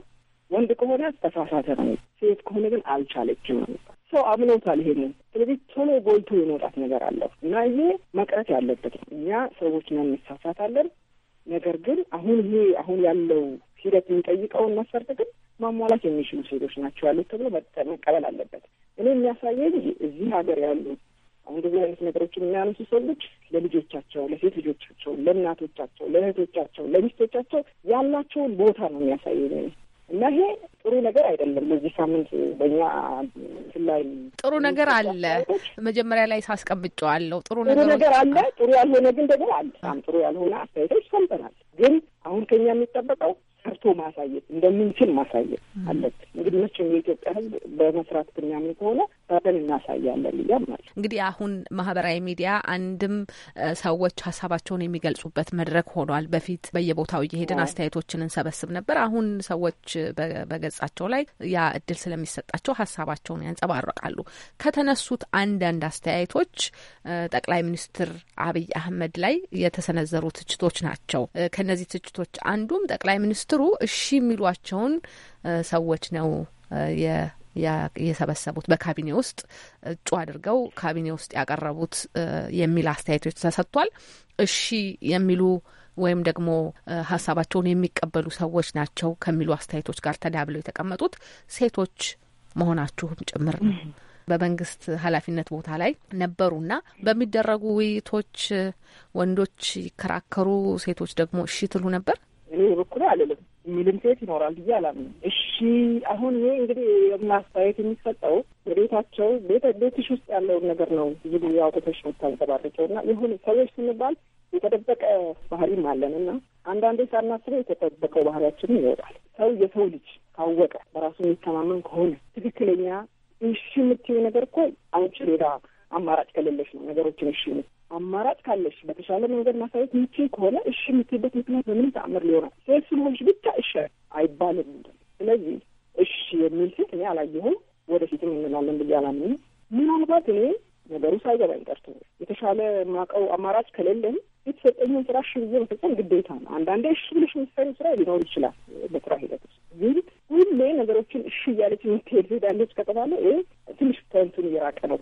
ወንድ ከሆነ ተሳሳተ ነው፣ ሴት ከሆነ ግን አልቻለችም ነው ሰው አምኖታል ይሄንን። ስለዚህ ቶሎ ጎልቶ የመውጣት ነገር አለው እና ይሄ መቅረት ያለበት ነው። እኛ ሰዎች ነን፣ እንሳሳታለን። ነገር ግን አሁን ይሄ አሁን ያለው ሂደት የሚጠይቀውን መስፈርት ግን ማሟላት የሚችሉ ሴቶች ናቸው ያሉት ተብሎ መቀበል አለበት። እኔ የሚያሳየኝ እዚህ ሀገር ያሉ አሁን እንደዚህ አይነት ነገሮችን የሚያነሱ ሰዎች ለልጆቻቸው፣ ለሴት ልጆቻቸው፣ ለእናቶቻቸው፣ ለእህቶቻቸው፣ ለሚስቶቻቸው ያላቸውን ቦታ ነው የሚያሳየኝ። እና ይሄ ጥሩ ነገር አይደለም። በዚህ ሳምንት በእኛ ላይ ጥሩ ነገር አለ። መጀመሪያ ላይ ሳስቀምጨዋለሁ። ጥሩ ነገር አለ፣ ጥሩ ያልሆነ ግን ደግሞ አለ። በጣም ጥሩ ያልሆነ አስተያየቶች ሰምተናል። ግን አሁን ከኛ የሚጠበቀው ሰርቶ ማሳየት እንደምንችል ማሳየት አለብን። እንግዲህ መቼም የኢትዮጵያ ሕዝብ በመስራት ብናምን ከሆነ ሰርተን እናሳያለን እያምናል። እንግዲህ አሁን ማህበራዊ ሚዲያ አንድም ሰዎች ሀሳባቸውን የሚገልጹበት መድረክ ሆኗል። በፊት በየቦታው እየሄድን አስተያየቶችን እንሰበስብ ነበር። አሁን ሰዎች በገጻቸው ላይ ያ እድል ስለሚሰጣቸው ሀሳባቸውን ያንጸባርቃሉ። ከተነሱት አንዳንድ አስተያየቶች ጠቅላይ ሚኒስትር አብይ አህመድ ላይ የተሰነዘሩ ትችቶች ናቸው። ከነዚህ ትችቶች አንዱም ጠቅላይ ሚኒስትር በአጭሩ እሺ የሚሏቸውን ሰዎች ነው የሰበሰቡት በካቢኔ ውስጥ እጩ አድርገው ካቢኔ ውስጥ ያቀረቡት የሚል አስተያየቶች ተሰጥቷል። እሺ የሚሉ ወይም ደግሞ ሀሳባቸውን የሚቀበሉ ሰዎች ናቸው ከሚሉ አስተያየቶች ጋር ተዳብለው የተቀመጡት ሴቶች መሆናችሁም ጭምር ነው። በመንግስት ኃላፊነት ቦታ ላይ ነበሩና በሚደረጉ ውይይቶች ወንዶች ይከራከሩ፣ ሴቶች ደግሞ እሺ ትሉ ነበር። እኔ በኩል አልልም። የሚልም ሴት ይኖራል ብዬ አላምንም። እሺ አሁን ይሄ እንግዲህ ማስተያየት የሚሰጠው የቤታቸው ቤተ ቤትሽ ውስጥ ያለውን ነገር ነው ብዙ ጊዜ አውጥተሽ የምታንጸባርቂው እና የሆነ ሰዎች ስንባል የተደበቀ ባህሪም አለን እና አንዳንዴ ሳናስበው የተጠበቀው ባህሪያችንም ይወጣል። ሰው የሰው ልጅ ካወቀ በራሱ የሚተማመን ከሆነ ትክክለኛ እሺ የምትይው ነገር እኮ አንቺ ሌላ አማራጭ ከሌለሽ ነው ነገሮችን እሺ አማራጭ ካለሽ በተሻለ መንገድ ማሳየት ምቺ ከሆነ እሺ የምትሄበት ምክንያት በምንም ተአምር ሊሆናል ሴት ስለሆንሽ ብቻ እሺ አይባልም። ስለዚህ እሺ የሚል ሴት እኔ አላየሁም፣ ወደፊትም እንላለን ብዬ አላምንም። ምናልባት እኔ ነገሩ ሳይገባኝ ቀርቶ የተሻለ ማቀው አማራጭ ከሌለን የተሰጠኝን ስራ እሺ ብዬ መፈጸም ግዴታ ነው። አንዳንዴ እሺ ብለሽ የምትሰሪ ስራ ሊኖር ይችላል በስራ ሂደት ውስጥ ግን ሁሌ ነገሮችን እሺ እያለች የምትሄድ ሄዳለች ከተባለ ይህ ትንሽ ከእንትን እየራቀ ነው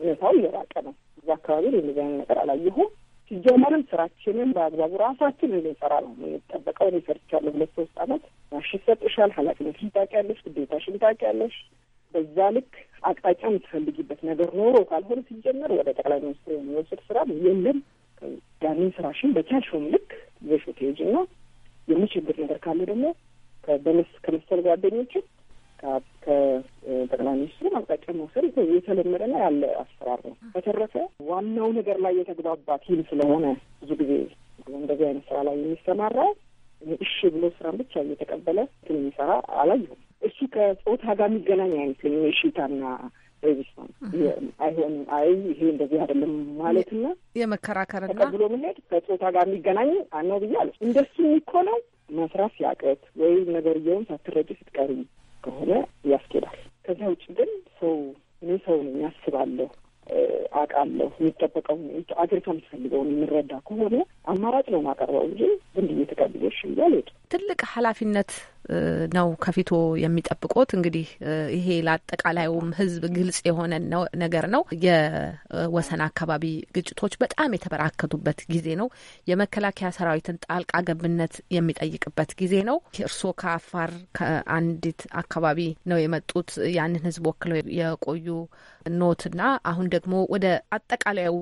ሁኔታው እየራቀ ነው። እዛ አካባቢ እንደዚህ ነገር አላየሁም። ሲጀመርም ስራችንን በአግባቡ ራሳችን እንድንሰራ ነው የሚጠበቀው። እኔ ሰርቻለሁ ሁለት ሶስት አመት ማሽ ይሰጥሻል። ኃላፊነትሽን ታውቂያለሽ፣ ግዴታሽን ታውቂያለሽ። በዛ ልክ አቅጣጫ የምትፈልጊበት ነገር ኖሮ ካልሆነ ሲጀመር ወደ ጠቅላይ ሚኒስትር የሚወስድ ስራ የለም። ያንን ስራሽን በቻልሽውም ልክ ይዘሽው እና የሚችልበት ነገር ካለ ደግሞ ከመሰል ጓደኞችን ከጠቅላይ ሚኒስትሩ አቅጣጫ መውሰድ የተለመደና ያለ አሰራር ነው። በተረፈ ዋናው ነገር ላይ የተግባባ ቲም ስለሆነ ብዙ ጊዜ እንደዚህ አይነት ስራ ላይ የሚሰማራ እሺ ብሎ ስራን ብቻ እየተቀበለ ትን የሚሰራ አላየሁም። እሱ ከጾታ ጋር የሚገናኝ አይመስለኝም። የሽታና ሬዚስታንስ አይሆንም። አይ ይሄ እንደዚህ አይደለም ማለትና የመከራከርና ተቀብሎ ምንሄድ ከጾታ ጋር የሚገናኝ አነው ብዬ አለ። እንደሱ የሚኮነው መስራት ሲያቅት ወይም እየሆን ሳትረጭ ስትቀሪ ከሆነ ያስኬዳል። ከዚያ ውጭ ግን ሰው እኔ ሰው ነኝ አስባለሁ፣ አውቃለሁ፣ የሚጠበቀው አገሪቷ የምትፈልገውን የምረዳ ከሆነ አማራጭ ነው ማቀርበው እንጂ ዝም ብዬ ተቀብዬ እሺ ብዬ አልሄድም። ትልቅ ኃላፊነት ነው ከፊቶ የሚጠብቁት። እንግዲህ ይሄ ለአጠቃላዩም ህዝብ ግልጽ የሆነ ነገር ነው። የወሰን አካባቢ ግጭቶች በጣም የተበራከቱበት ጊዜ ነው። የመከላከያ ሰራዊትን ጣልቃ ገብነት የሚጠይቅበት ጊዜ ነው። እርስዎ ከአፋር ከአንዲት አካባቢ ነው የመጡት። ያንን ህዝብ ወክለው የቆዩ ኖትና አሁን ደግሞ ወደ አጠቃላዩ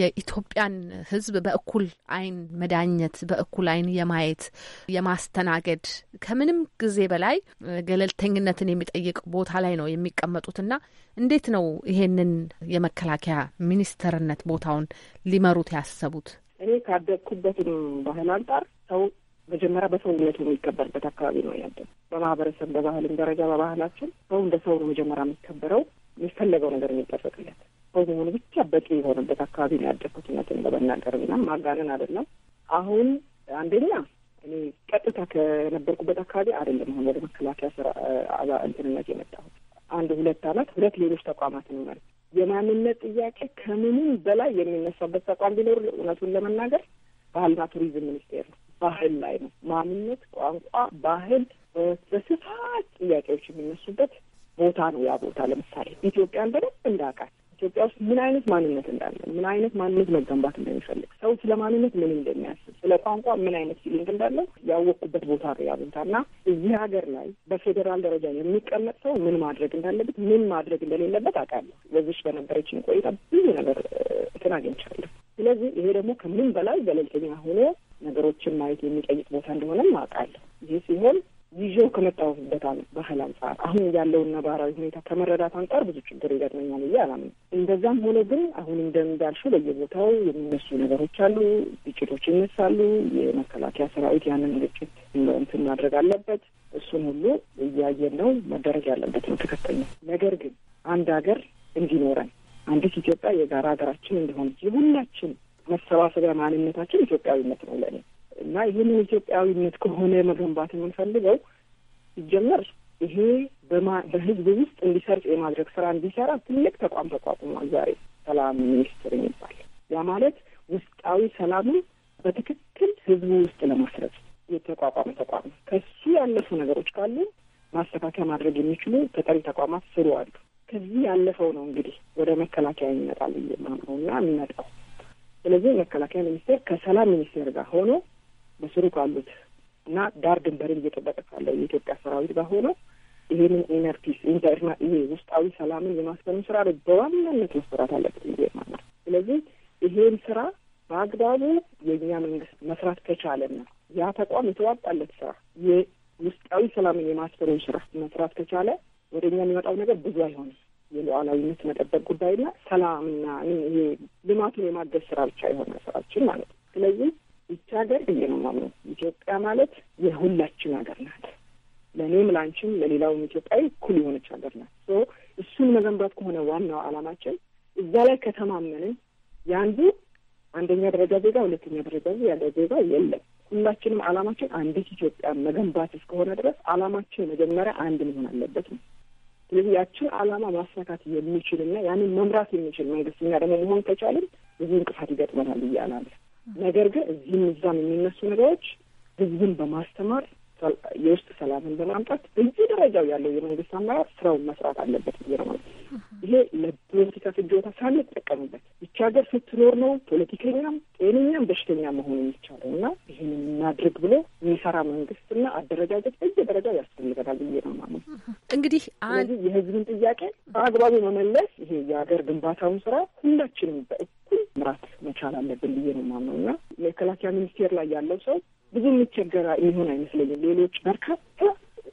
የኢትዮጵያን ሕዝብ በእኩል አይን መዳኘት በእኩል አይን የማየት የማስተናገድ ከምንም ጊዜ በላይ ገለልተኝነትን የሚጠይቅ ቦታ ላይ ነው የሚቀመጡትና እንዴት ነው ይሄንን የመከላከያ ሚኒስትርነት ቦታውን ሊመሩት ያሰቡት? እኔ ካደግኩበትም ባህል አንጻር ሰው መጀመሪያ በሰውነቱ የሚከበርበት አካባቢ ነው ያለ። በማህበረሰብ በባህልም ደረጃ በባህላችን ሰው እንደ ሰው ነው መጀመሪያ የሚከበረው። የሚፈለገው ነገር የሚጠበቅለት ሰው ብቻ በቂ የሆነበት አካባቢ ነው ያደግኩት። እውነትን ለመናገር ና ማጋነን አይደለም። አሁን አንደኛ እኔ ቀጥታ ከነበርኩበት አካባቢ አይደለም አሁን ወደ መከላከያ ስራ እንትንነት የመጣሁት አንድ ሁለት አመት ሁለት ሌሎች ተቋማት ነው ማለት የማንነት ጥያቄ ከምንም በላይ የሚነሳበት ተቋም ቢኖር እውነቱን ለመናገር ባህልና ቱሪዝም ሚኒስቴር ነው። ባህል ላይ ነው ማንነት፣ ቋንቋ፣ ባህል በስፋት ጥያቄዎች የሚነሱበት ቦታ ነው ያ ቦታ። ለምሳሌ ኢትዮጵያን በደንብ እንዳውቃት ኢትዮጵያ ውስጥ ምን አይነት ማንነት እንዳለ፣ ምን አይነት ማንነት መገንባት እንደሚፈልግ፣ ሰው ስለ ማንነት ምን እንደሚያስብ፣ ስለ ቋንቋ ምን አይነት ፊሊንግ እንዳለ ያወቅኩበት ቦታ ነው ያ ቦታ እና እዚህ ሀገር ላይ በፌዴራል ደረጃ የሚቀመጥ ሰው ምን ማድረግ እንዳለበት፣ ምን ማድረግ እንደሌለበት አውቃለሁ። በዚች በነበረችን ቆይታ ብዙ ነገር እንትን አግኝቻለሁ። ስለዚህ ይሄ ደግሞ ከምንም በላይ ገለልተኛ ሆኖ ነገሮችን ማየት የሚጠይቅ ቦታ እንደሆነም አውቃለሁ። ይህ ሲሆን ይዤው ከመጣሁበት ባህል አንጻር አሁን ያለውን ነባራዊ ሁኔታ ከመረዳት አንጻር ብዙ ችግር ይገጥመኛል ብዬ አላምንም። እንደዛም ሆኖ ግን አሁን እንደምዳልሽው ለየቦታው የሚነሱ ነገሮች አሉ፣ ግጭቶች ይነሳሉ። የመከላከያ ሰራዊት ያንን ግጭት እንትን ማድረግ አለበት። እሱን ሁሉ እያየን ነው። መደረግ ያለበት ነው ትክክል ነው። ነገር ግን አንድ ሀገር እንዲኖረን አንዲት ኢትዮጵያ የጋራ ሀገራችን እንደሆነች የሁላችን መሰባሰቢያ ማንነታችን ኢትዮጵያዊነት ነው ለእኔ እና ይህንን ኢትዮጵያዊነት ከሆነ መገንባት የምንፈልገው ሲጀመር ይሄ በህዝብ ውስጥ እንዲሰርጥ የማድረግ ስራ እንዲሰራ ትልቅ ተቋም ተቋቁሟል። ዛሬ ሰላም ሚኒስቴር የሚባል ያ ማለት ውስጣዊ ሰላምን በትክክል ህዝቡ ውስጥ ለማስረጽ የተቋቋመ ተቋም ነው። ከሱ ያለፉ ነገሮች ካሉ ማስተካከያ ማድረግ የሚችሉ ተጠሪ ተቋማት ስሩ አሉ። ከዚህ ያለፈው ነው እንግዲህ ወደ መከላከያ ይመጣል ብዬ እና የሚመጣው ስለዚህ መከላከያ ሚኒስቴር ከሰላም ሚኒስቴር ጋር ሆኖ በስሩ ካሉት እና ዳር ድንበርን እየጠበቀ ካለው የኢትዮጵያ ሰራዊት ጋር ሆኖ ይሄንን ኢነርፒስ ኢንተርና ይሄ ውስጣዊ ሰላምን የማስፈኑ ስራ ላይ በዋናነት መሰራት አለበት ብዬ ማለት ስለዚህ ይሄን ስራ በአግባቡ የእኛ መንግስት መስራት ከቻለና ያ ተቋም የተዋጣለት ስራ የውስጣዊ ሰላምን የማስፈኑ ስራ መስራት ከቻለ ወደ እኛ የሚመጣው ነገር ብዙ አይሆንም። የሉዓላዊነት መጠበቅ ጉዳይና ሰላምና ይሄ ልማቱን የማገዝ ስራ ብቻ የሆነ ስራችን ማለት ነው። ስለዚህ ይቺ ሀገር ብዬ ነው የማምነው። ኢትዮጵያ ማለት የሁላችን ሀገር ናት። ለእኔም ለአንቺም ለሌላውም ኢትዮጵያዊ እኩል የሆነች ሀገር ናት። እሱን መገንባት ከሆነ ዋናው አላማችን እዛ ላይ ከተማመንን የአንዱ አንደኛ ደረጃ ዜጋ፣ ሁለተኛ ደረጃ ያለ ዜጋ የለም። ሁላችንም አላማችን አንዲት ኢትዮጵያ መገንባት እስከሆነ ድረስ አላማችን መጀመሪያ አንድ መሆን አለበት ነው። ስለዚህ ያችን አላማ ማሳካት የሚችልና ያንን መምራት የሚችል መንግስት እኛ ደግሞ መሆን ከቻልን ብዙ እንቅፋት ይገጥመናል እያላለ ነገር ግን እዚህም እዛም የሚነሱ ነገሮች ህዝብን በማስተማር የውስጥ ሰላምን በማምጣት ደረጃው ያለው የመንግስት አመራር ስራውን መስራት አለበት ብዬ ነው ማለት ይሄ ለፖለቲካ ፍጆታ ሳለ ሳንጠቀምበት ይቺ ሀገር ስትኖር ነው ፖለቲከኛም ጤነኛም በሽተኛ መሆን የሚቻለው እና ይህን እናድርግ ብሎ የሚሰራ መንግስትና አደረጃጀት በየደረጃው ያስፈልገናል ብዬ ነው ማለት ነው። እንግዲህ ስለዚህ የህዝብን ጥያቄ በአግባቡ መመለስ ይሄ የሀገር ግንባታውን ስራ ሁላችንም በእ ምራት መቻል አለብን ብዬ ነው የማምነው እና መከላከያ ሚኒስቴር ላይ ያለው ሰው ብዙ የሚቸገር የሚሆን አይመስለኝም። ሌሎች በርካታ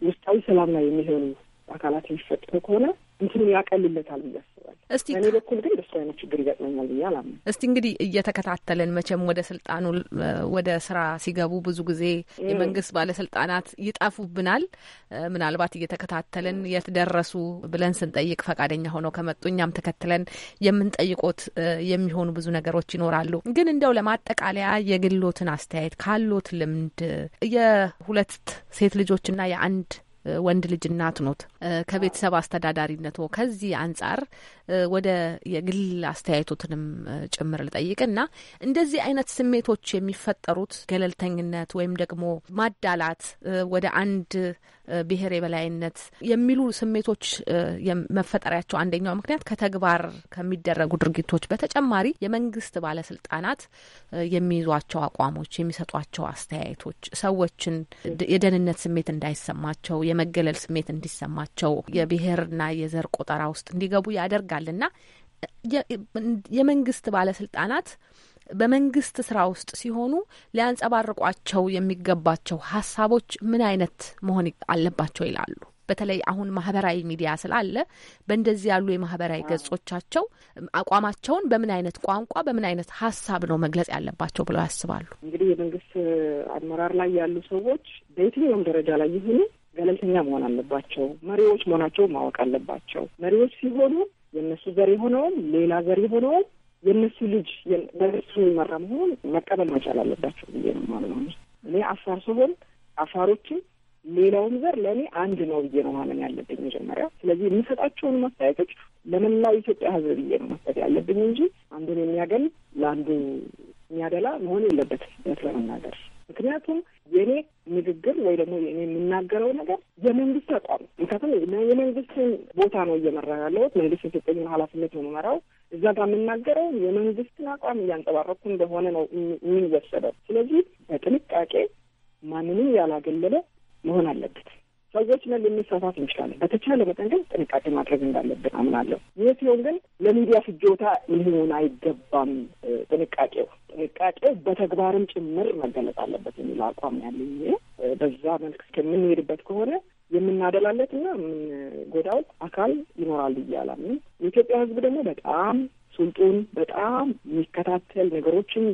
ውስጣዊ ሰላም ላይ የሚሆኑ አካላት የሚፈጥሩ ከሆነ እንትኑን ያቀልለታል ብዬ አስባለሁ። እስቲ እኔ በኩል ግን በሱ አይነት ችግር ይገጥመኛል ብዬ አላምንም። እስቲ እንግዲህ እየተከታተልን መቼም ወደ ስልጣኑ ወደ ስራ ሲገቡ ብዙ ጊዜ የመንግስት ባለስልጣናት ይጠፉብናል። ምናልባት እየተከታተልን የት ደረሱ ብለን ስንጠይቅ ፈቃደኛ ሆነው ከመጡ እኛም ተከትለን የምንጠይቆት የሚሆኑ ብዙ ነገሮች ይኖራሉ። ግን እንደው ለማጠቃለያ የግሎትን አስተያየት ካሎት ልምድ የሁለት ሴት ልጆችና የአንድ ወንድ ልጅ እናት ኖት ከቤተሰብ አስተዳዳሪነት ከዚህ አንጻር ወደ የግል አስተያየቶትንም ጭምር እና እንደዚህ አይነት ስሜቶች የሚፈጠሩት ገለልተኝነት ወይም ደግሞ ማዳላት ወደ አንድ ብሔር የበላይነት የሚሉ ስሜቶች መፈጠሪያቸው አንደኛው ምክንያት ከተግባር ከሚደረጉ ድርጊቶች በተጨማሪ የመንግስት ባለስልጣናት የሚይዟቸው አቋሞች፣ የሚሰጧቸው አስተያየቶች ሰዎችን የደህንነት ስሜት እንዳይሰማቸው፣ የመገለል ስሜት እንዲሰማቸው፣ የብሔርና የዘር ቆጠራ ውስጥ እንዲገቡ ያደርጋል። ና የመንግስት ባለስልጣናት በመንግስት ስራ ውስጥ ሲሆኑ ሊያንጸባርቋቸው የሚገባቸው ሀሳቦች ምን አይነት መሆን አለባቸው ይላሉ። በተለይ አሁን ማህበራዊ ሚዲያ ስላለ በእንደዚህ ያሉ የማህበራዊ ገጾቻቸው አቋማቸውን በምን አይነት ቋንቋ፣ በምን አይነት ሀሳብ ነው መግለጽ ያለባቸው ብለው ያስባሉ? እንግዲህ የመንግስት አመራር ላይ ያሉ ሰዎች በየትኛውም ደረጃ ላይ ይሁኑ ገለልተኛ መሆን አለባቸው። መሪዎች መሆናቸው ማወቅ አለባቸው። መሪዎች ሲሆኑ የእነሱ ዘር የሆነውም ሌላ ዘር የሆነውም የእነሱ ልጅ በእነሱ የሚመራ መሆኑን መቀበል መቻል አለባቸው ብዬ ነው ማለት ነው። እኔ አፋር ሲሆን አፋሮችም ሌላውም ዘር ለእኔ አንድ ነው ብዬ ነው ማመን ያለብኝ መጀመሪያ። ስለዚህ የምሰጣቸውን ማስተያየቶች ለመላው ኢትዮጵያ ሕዝብ ብዬ ነው መስጠት ያለብኝ እንጂ አንዱን የሚያገል ለአንዱ የሚያደላ መሆን የለበትም ለመናገር ምክንያቱም የኔ ንግግር ወይ ደግሞ የምናገረው ነገር የመንግስት ተቋም ምክንያቱም የመንግስትን ቦታ ነው እየመራ ያለሁት። መንግስት የሰጠኝን ኃላፊነት ነው የምመራው። እዛ ጋር የምናገረው የመንግስትን አቋም እያንጸባረኩ እንደሆነ ነው የሚወሰደው። ስለዚህ በጥንቃቄ ማንንም ያላገለለ መሆን አለበት። ሰዎች ነን ልንሳሳት እንችላለን። በተቻለ መጠን ግን ጥንቃቄ ማድረግ እንዳለብን አምናለሁ። ይህ ሲሆን ግን ለሚዲያ ፍጆታ ሊሆን አይገባም። ጥንቃቄው ጥንቃቄው በተግባርም ጭምር መገለጽ አለበት የሚል አቋም ያለኝ በዛ መልክ እስከምንሄድበት ከሆነ የምናደላለት እና የምንጎዳው አካል ይኖራል ብዬ አላምንም። የኢትዮጵያ ሕዝብ ደግሞ በጣም ስልጡን፣ በጣም የሚከታተል ነገሮችን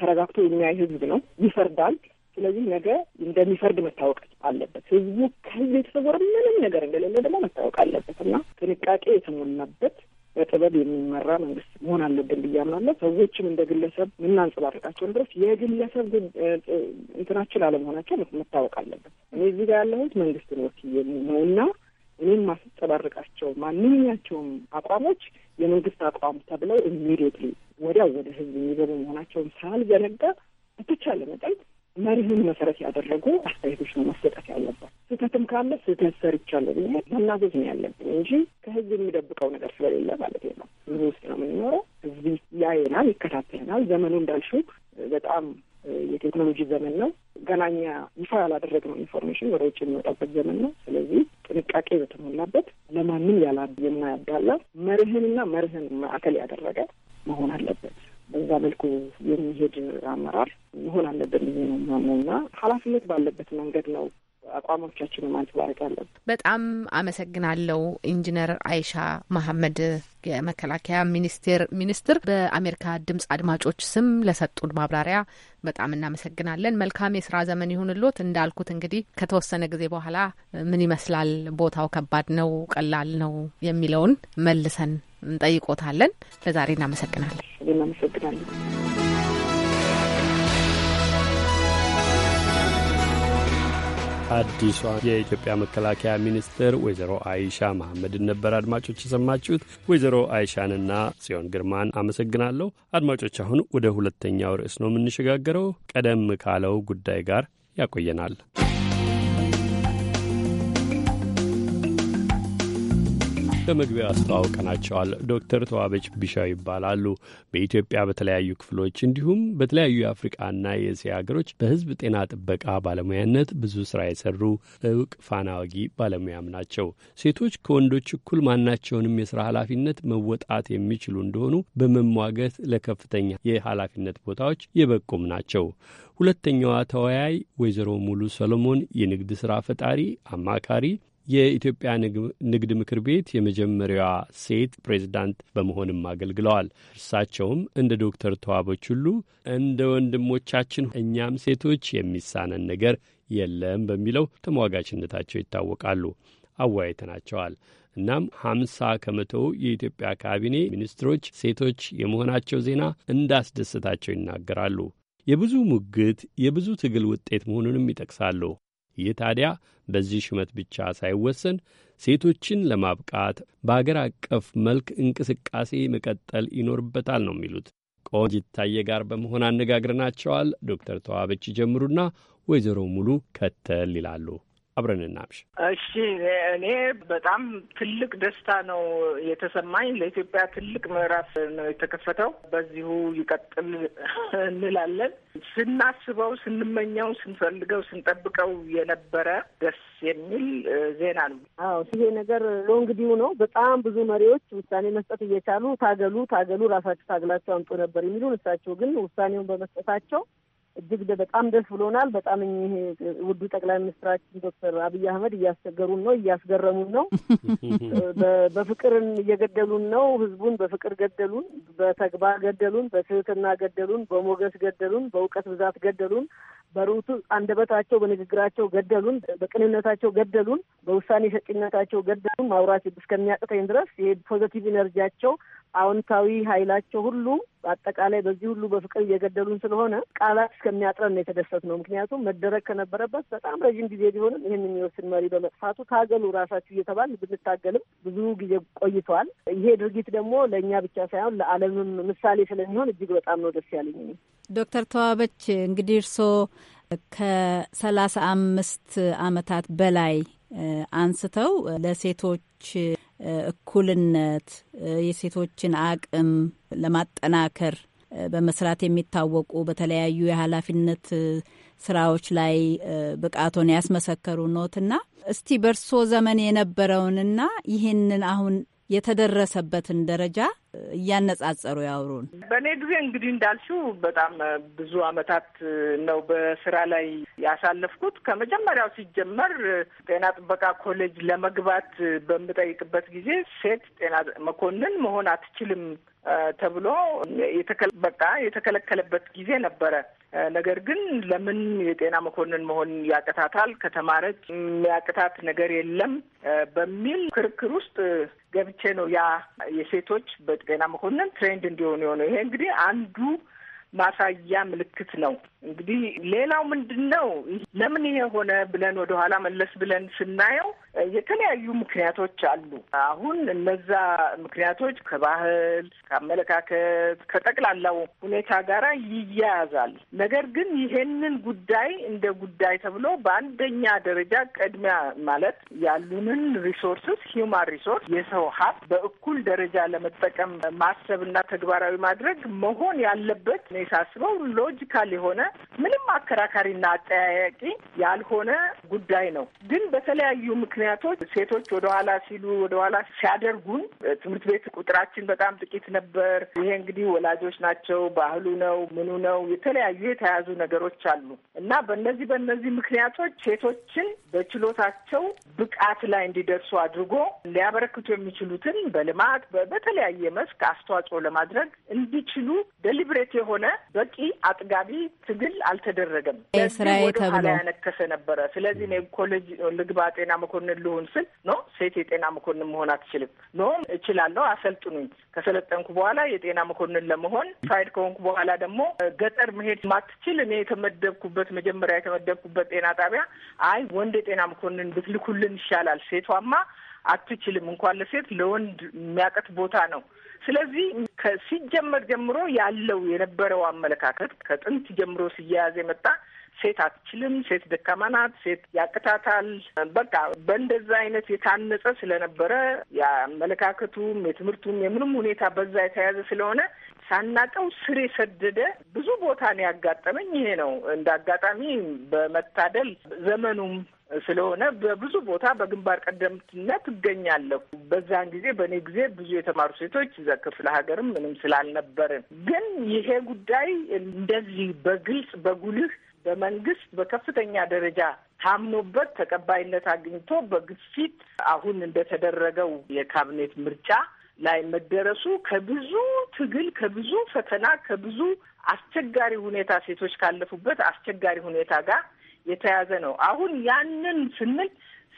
ተረጋግቶ የሚያይ ሕዝብ ነው። ይፈርዳል ስለዚህ ነገ እንደሚፈርድ መታወቅ አለበት። ህዝቡ ከህዝብ የተሰወረ ምንም ነገር እንደሌለ ደግሞ መታወቅ አለበት እና ጥንቃቄ የተሞላበት በጥበብ የሚመራ መንግስት መሆን አለብን ብዬ አምናለሁ። ሰዎችም እንደ ግለሰብ የምናንጸባርቃቸውን ድረስ የግለሰብ እንትናችን አለመሆናቸው መታወቅ አለበት። እኔ እዚህ ጋር ያለሁት መንግስትን ወክዬ ነው እና እኔም ማስጸባርቃቸው ማንኛቸውም አቋሞች የመንግስት አቋም ተብለው ኢሚዲየትሊ ወዲያው ወደ ህዝብ የሚገቡ መሆናቸውን ሳልዘነጋ በተቻለ መጠን መርህን መሰረት ያደረጉ አስተያየቶች ነው መሰጠት ያለበት። ስህተትም ካለ ስህተት ሰርቻለሁ መናዘዝ ነው ያለብን እንጂ ከህዝብ የሚደብቀው ነገር ስለሌለ ማለት ነው። ህዝብ ውስጥ ነው የምንኖረው። ህዝብ ያየናል፣ ይከታተለናል። ዘመኑ እንዳልሽው በጣም የቴክኖሎጂ ዘመን ነው። ገናኛ ይፋ ያላደረግነው ኢንፎርሜሽን ወደ ውጭ የሚወጣበት ዘመን ነው። ስለዚህ ጥንቃቄ በተሞላበት ለማንም ያላ የማያዳላ መርህንና መርህን ማዕከል ያደረገ መሆን አለበት። በዛ መልኩ የሚሄድ አመራር መሆን አለብን ብዬ ነው ማምነው እና ኃላፊነት ባለበት መንገድ ነው አቋሞቻችንን ማንጸባረቅ ያለብን። በጣም አመሰግናለሁ ኢንጂነር አይሻ መሐመድ የመከላከያ ሚኒስቴር ሚኒስትር በአሜሪካ ድምጽ አድማጮች ስም ለሰጡን ማብራሪያ በጣም እናመሰግናለን። መልካም የስራ ዘመን ይሁንሎት። እንዳልኩት እንግዲህ ከተወሰነ ጊዜ በኋላ ምን ይመስላል ቦታው ከባድ ነው ቀላል ነው የሚለውን መልሰን እንጠይቆታለን። ለዛሬ እናመሰግናለን። እናመሰግናለን። አዲሷ የኢትዮጵያ መከላከያ ሚኒስትር ወይዘሮ አይሻ መሐመድን ነበር አድማጮች የሰማችሁት። ወይዘሮ አይሻንና ጽዮን ግርማን አመሰግናለሁ። አድማጮች አሁን ወደ ሁለተኛው ርዕስ ነው የምንሸጋገረው። ቀደም ካለው ጉዳይ ጋር ያቆየናል። በመግቢያው አስተዋውቀናቸዋል። ዶክተር ተዋበች ቢሻው ይባላሉ። በኢትዮጵያ በተለያዩ ክፍሎች እንዲሁም በተለያዩ የአፍሪቃና የእስያ ሀገሮች በህዝብ ጤና ጥበቃ ባለሙያነት ብዙ ስራ የሰሩ እውቅ ፋና ወጊ ባለሙያም ናቸው። ሴቶች ከወንዶች እኩል ማናቸውንም የስራ ኃላፊነት መወጣት የሚችሉ እንደሆኑ በመሟገት ለከፍተኛ የኃላፊነት ቦታዎች የበቁም ናቸው። ሁለተኛዋ ተወያይ ወይዘሮ ሙሉ ሰሎሞን የንግድ ሥራ ፈጣሪ አማካሪ የኢትዮጵያ ንግድ ምክር ቤት የመጀመሪያዋ ሴት ፕሬዚዳንት በመሆንም አገልግለዋል። እርሳቸውም እንደ ዶክተር ተዋቦች ሁሉ እንደ ወንድሞቻችን እኛም ሴቶች የሚሳነን ነገር የለም በሚለው ተሟጋችነታቸው ይታወቃሉ። አወያይተናቸዋል። እናም ሀምሳ ከመቶው የኢትዮጵያ ካቢኔ ሚኒስትሮች ሴቶች የመሆናቸው ዜና እንዳስደሰታቸው ይናገራሉ። የብዙ ሙግት የብዙ ትግል ውጤት መሆኑንም ይጠቅሳሉ። ይህ ታዲያ በዚህ ሹመት ብቻ ሳይወሰን ሴቶችን ለማብቃት በአገር አቀፍ መልክ እንቅስቃሴ መቀጠል ይኖርበታል ነው የሚሉት። ቆንጅ ታየ ጋር በመሆን አነጋግረናቸዋል። ዶክተር ተዋበች ጀምሩና ወይዘሮ ሙሉ ከተል ይላሉ። አብረን እናምሽ። እሺ እኔ በጣም ትልቅ ደስታ ነው የተሰማኝ። ለኢትዮጵያ ትልቅ ምዕራፍ ነው የተከፈተው። በዚሁ ይቀጥል እንላለን። ስናስበው፣ ስንመኘው፣ ስንፈልገው፣ ስንጠብቀው የነበረ ደስ የሚል ዜና ነው። አዎ ይሄ ነገር ሎንግ ዲው ነው። በጣም ብዙ መሪዎች ውሳኔ መስጠት እየቻሉ ታገሉ፣ ታገሉ፣ ራሳቸው ታግላቸው አምጡ ነበር የሚሉን እሳቸው ግን ውሳኔውን በመስጠታቸው እጅግ በጣም ደስ ብሎናል። በጣም እኚህ ውዱ ጠቅላይ ሚኒስትራችን ዶክተር አብይ አህመድ እያስቸገሩን ነው፣ እያስገረሙን ነው፣ በፍቅርን እየገደሉን ነው። ህዝቡን በፍቅር ገደሉን፣ በተግባር ገደሉን፣ በትህትና ገደሉን፣ በሞገስ ገደሉን፣ በእውቀት ብዛት ገደሉን፣ በርቱዕ አንደበታቸው በንግግራቸው ገደሉን፣ በቅንነታቸው ገደሉን፣ በውሳኔ ሰጪነታቸው ገደሉን። ማውራት እስከሚያቅተኝ ድረስ ይሄ ፖዘቲቭ ኢነርጂያቸው አዎንታዊ ኃይላቸው ሁሉ አጠቃላይ በዚህ ሁሉ በፍቅር እየገደሉን ስለሆነ ቃላት እስከሚያጥረን ነው የተደሰት ነው። ምክንያቱም መደረግ ከነበረበት በጣም ረዥም ጊዜ ቢሆንም ይህን የሚወስድ መሪ በመጥፋቱ ታገሉ ራሳችሁ እየተባል ብንታገልም ብዙ ጊዜ ቆይተዋል። ይሄ ድርጊት ደግሞ ለእኛ ብቻ ሳይሆን ለዓለምም ምሳሌ ስለሚሆን እጅግ በጣም ነው ደስ ያለኝ። ዶክተር ተዋበች እንግዲህ እርስዎ ከሰላሳ አምስት አመታት በላይ አንስተው ለሴቶች እኩልነት፣ የሴቶችን አቅም ለማጠናከር በመስራት የሚታወቁ በተለያዩ የኃላፊነት ስራዎች ላይ ብቃቶን ያስመሰከሩ ኖትና እስቲ በእርሶ ዘመን የነበረውንና ይህንን አሁን የተደረሰበትን ደረጃ እያነጻጸሩ ያውሩን። በእኔ ጊዜ እንግዲህ እንዳልሽው በጣም ብዙ አመታት ነው በስራ ላይ ያሳለፍኩት። ከመጀመሪያው ሲጀመር ጤና ጥበቃ ኮሌጅ ለመግባት በምጠይቅበት ጊዜ ሴት ጤና መኮንን መሆን አትችልም ተብሎ በቃ የተከለከለበት ጊዜ ነበረ። ነገር ግን ለምን የጤና መኮንን መሆን ያቅታታል? ከተማረች የሚያቅታት ነገር የለም በሚል ክርክር ውስጥ ገብቼ ነው ያ የሴቶች በጤና መኮንን ትሬንድ እንዲሆኑ የሆነው። ይሄ እንግዲህ አንዱ ማሳያ ምልክት ነው። እንግዲህ ሌላው ምንድን ነው? ለምን ይሄ ሆነ ብለን ወደኋላ መለስ ብለን ስናየው የተለያዩ ምክንያቶች አሉ። አሁን እነዛ ምክንያቶች ከባህል፣ ከአመለካከት፣ ከጠቅላላው ሁኔታ ጋራ ይያያዛል። ነገር ግን ይሄንን ጉዳይ እንደ ጉዳይ ተብሎ በአንደኛ ደረጃ ቅድሚያ ማለት ያሉንን ሪሶርስስ ሂውማን ሪሶርስ የሰው ሀብት በእኩል ደረጃ ለመጠቀም ማሰብ እና ተግባራዊ ማድረግ መሆን ያለበት እኔ ሳስበው ሎጂካል የሆነ ምንም አከራካሪና አጠያያቂ ያልሆነ ጉዳይ ነው። ግን በተለያዩ ምክንያት ምክንያቶች ሴቶች ወደኋላ ሲሉ ወደኋላ ሲያደርጉን ትምህርት ቤት ቁጥራችን በጣም ጥቂት ነበር። ይሄ እንግዲህ ወላጆች ናቸው፣ ባህሉ ነው፣ ምኑ ነው፣ የተለያዩ የተያዙ ነገሮች አሉ እና በእነዚህ በእነዚህ ምክንያቶች ሴቶችን በችሎታቸው ብቃት ላይ እንዲደርሱ አድርጎ ሊያበረክቱ የሚችሉትን በልማት በተለያየ መስክ አስተዋጽኦ ለማድረግ እንዲችሉ ደሊብሬት የሆነ በቂ አጥጋቢ ትግል አልተደረገም። ስራ ተብሎ ያነከሰ ነበረ። ስለዚህ ኮሌጅ ልግባ ጤና መኮንን ልሁን ስል ኖ ሴት የጤና መኮንን መሆን አትችልም። ኖ እችላለሁ፣ አሰልጥኑኝ። ከሰለጠንኩ በኋላ የጤና መኮንን ለመሆን ፋይድ ከሆንኩ በኋላ ደግሞ ገጠር መሄድ ማትችል እኔ የተመደብኩበት መጀመሪያ የተመደብኩበት ጤና ጣቢያ አይ ወንድ የጤና መኮንን ብትልኩልን ይሻላል፣ ሴቷማ አትችልም፣ እንኳን ለሴት ለወንድ የሚያቀት ቦታ ነው። ስለዚህ ከሲጀመር ጀምሮ ያለው የነበረው አመለካከት ከጥንት ጀምሮ ሲያያዝ የመጣ ሴት አትችልም፣ ሴት ደካማ ናት፣ ሴት ያቅታታል። በቃ በእንደዛ አይነት የታነጸ ስለነበረ የአመለካከቱም የትምህርቱም የምንም ሁኔታ በዛ የተያዘ ስለሆነ ሳናቀው ስር የሰደደ ብዙ ቦታ ነው ያጋጠመኝ። ይሄ ነው እንደ አጋጣሚ በመታደል ዘመኑም ስለሆነ በብዙ ቦታ በግንባር ቀደምትነት እገኛለሁ። በዛን ጊዜ በእኔ ጊዜ ብዙ የተማሩ ሴቶች እዛ ክፍለ ሀገርም ምንም ስላልነበርን፣ ግን ይሄ ጉዳይ እንደዚህ በግልጽ በጉልህ በመንግስት በከፍተኛ ደረጃ ታምኖበት ተቀባይነት አግኝቶ በግፊት አሁን እንደተደረገው የካቢኔት ምርጫ ላይ መደረሱ ከብዙ ትግል፣ ከብዙ ፈተና፣ ከብዙ አስቸጋሪ ሁኔታ ሴቶች ካለፉበት አስቸጋሪ ሁኔታ ጋር የተያዘ ነው። አሁን ያንን ስንል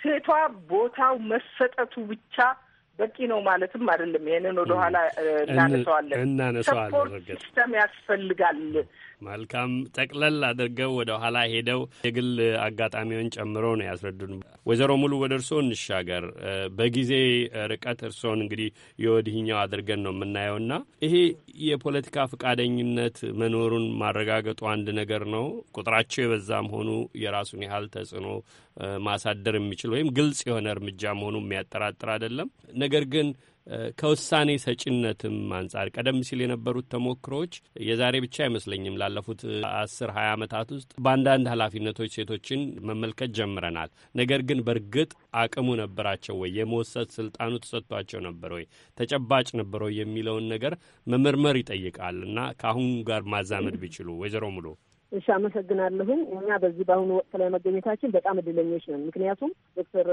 ሴቷ ቦታው መሰጠቱ ብቻ በቂ ነው ማለትም አይደለም። ይሄንን ወደኋላ እናነሰዋለን። ሰፖርት ሲስተም ያስፈልጋል። መልካም ጠቅለል አድርገው ወደ ኋላ ሄደው የግል አጋጣሚውን ጨምሮ ነው ያስረዱን። ወይዘሮ ሙሉ ወደ እርስዎ እንሻገር። በጊዜ ርቀት እርስዎን እንግዲህ የወዲህኛው አድርገን ነው የምናየውና ይሄ የፖለቲካ ፈቃደኝነት መኖሩን ማረጋገጡ አንድ ነገር ነው። ቁጥራቸው የበዛ መሆኑ የራሱን ያህል ተጽዕኖ ማሳደር የሚችል ወይም ግልጽ የሆነ እርምጃ መሆኑ የሚያጠራጥር አይደለም። ነገር ግን ከውሳኔ ሰጭነትም አንጻር ቀደም ሲል የነበሩት ተሞክሮዎች የዛሬ ብቻ አይመስለኝም። ላለፉት አስር ሀያ ዓመታት ውስጥ በአንዳንድ ኃላፊነቶች ሴቶችን መመልከት ጀምረናል። ነገር ግን በእርግጥ አቅሙ ነበራቸው ወይ፣ የመወሰድ ስልጣኑ ተሰጥቷቸው ነበር ወይ፣ ተጨባጭ ነበረ የሚለውን ነገር መመርመር ይጠይቃል እና ከአሁን ጋር ማዛመድ ቢችሉ ወይዘሮ ሙሉ እሺ፣ አመሰግናለሁኝ። እኛ በዚህ በአሁኑ ወቅት ላይ መገኘታችን በጣም እድለኞች ነን። ምክንያቱም ዶክተር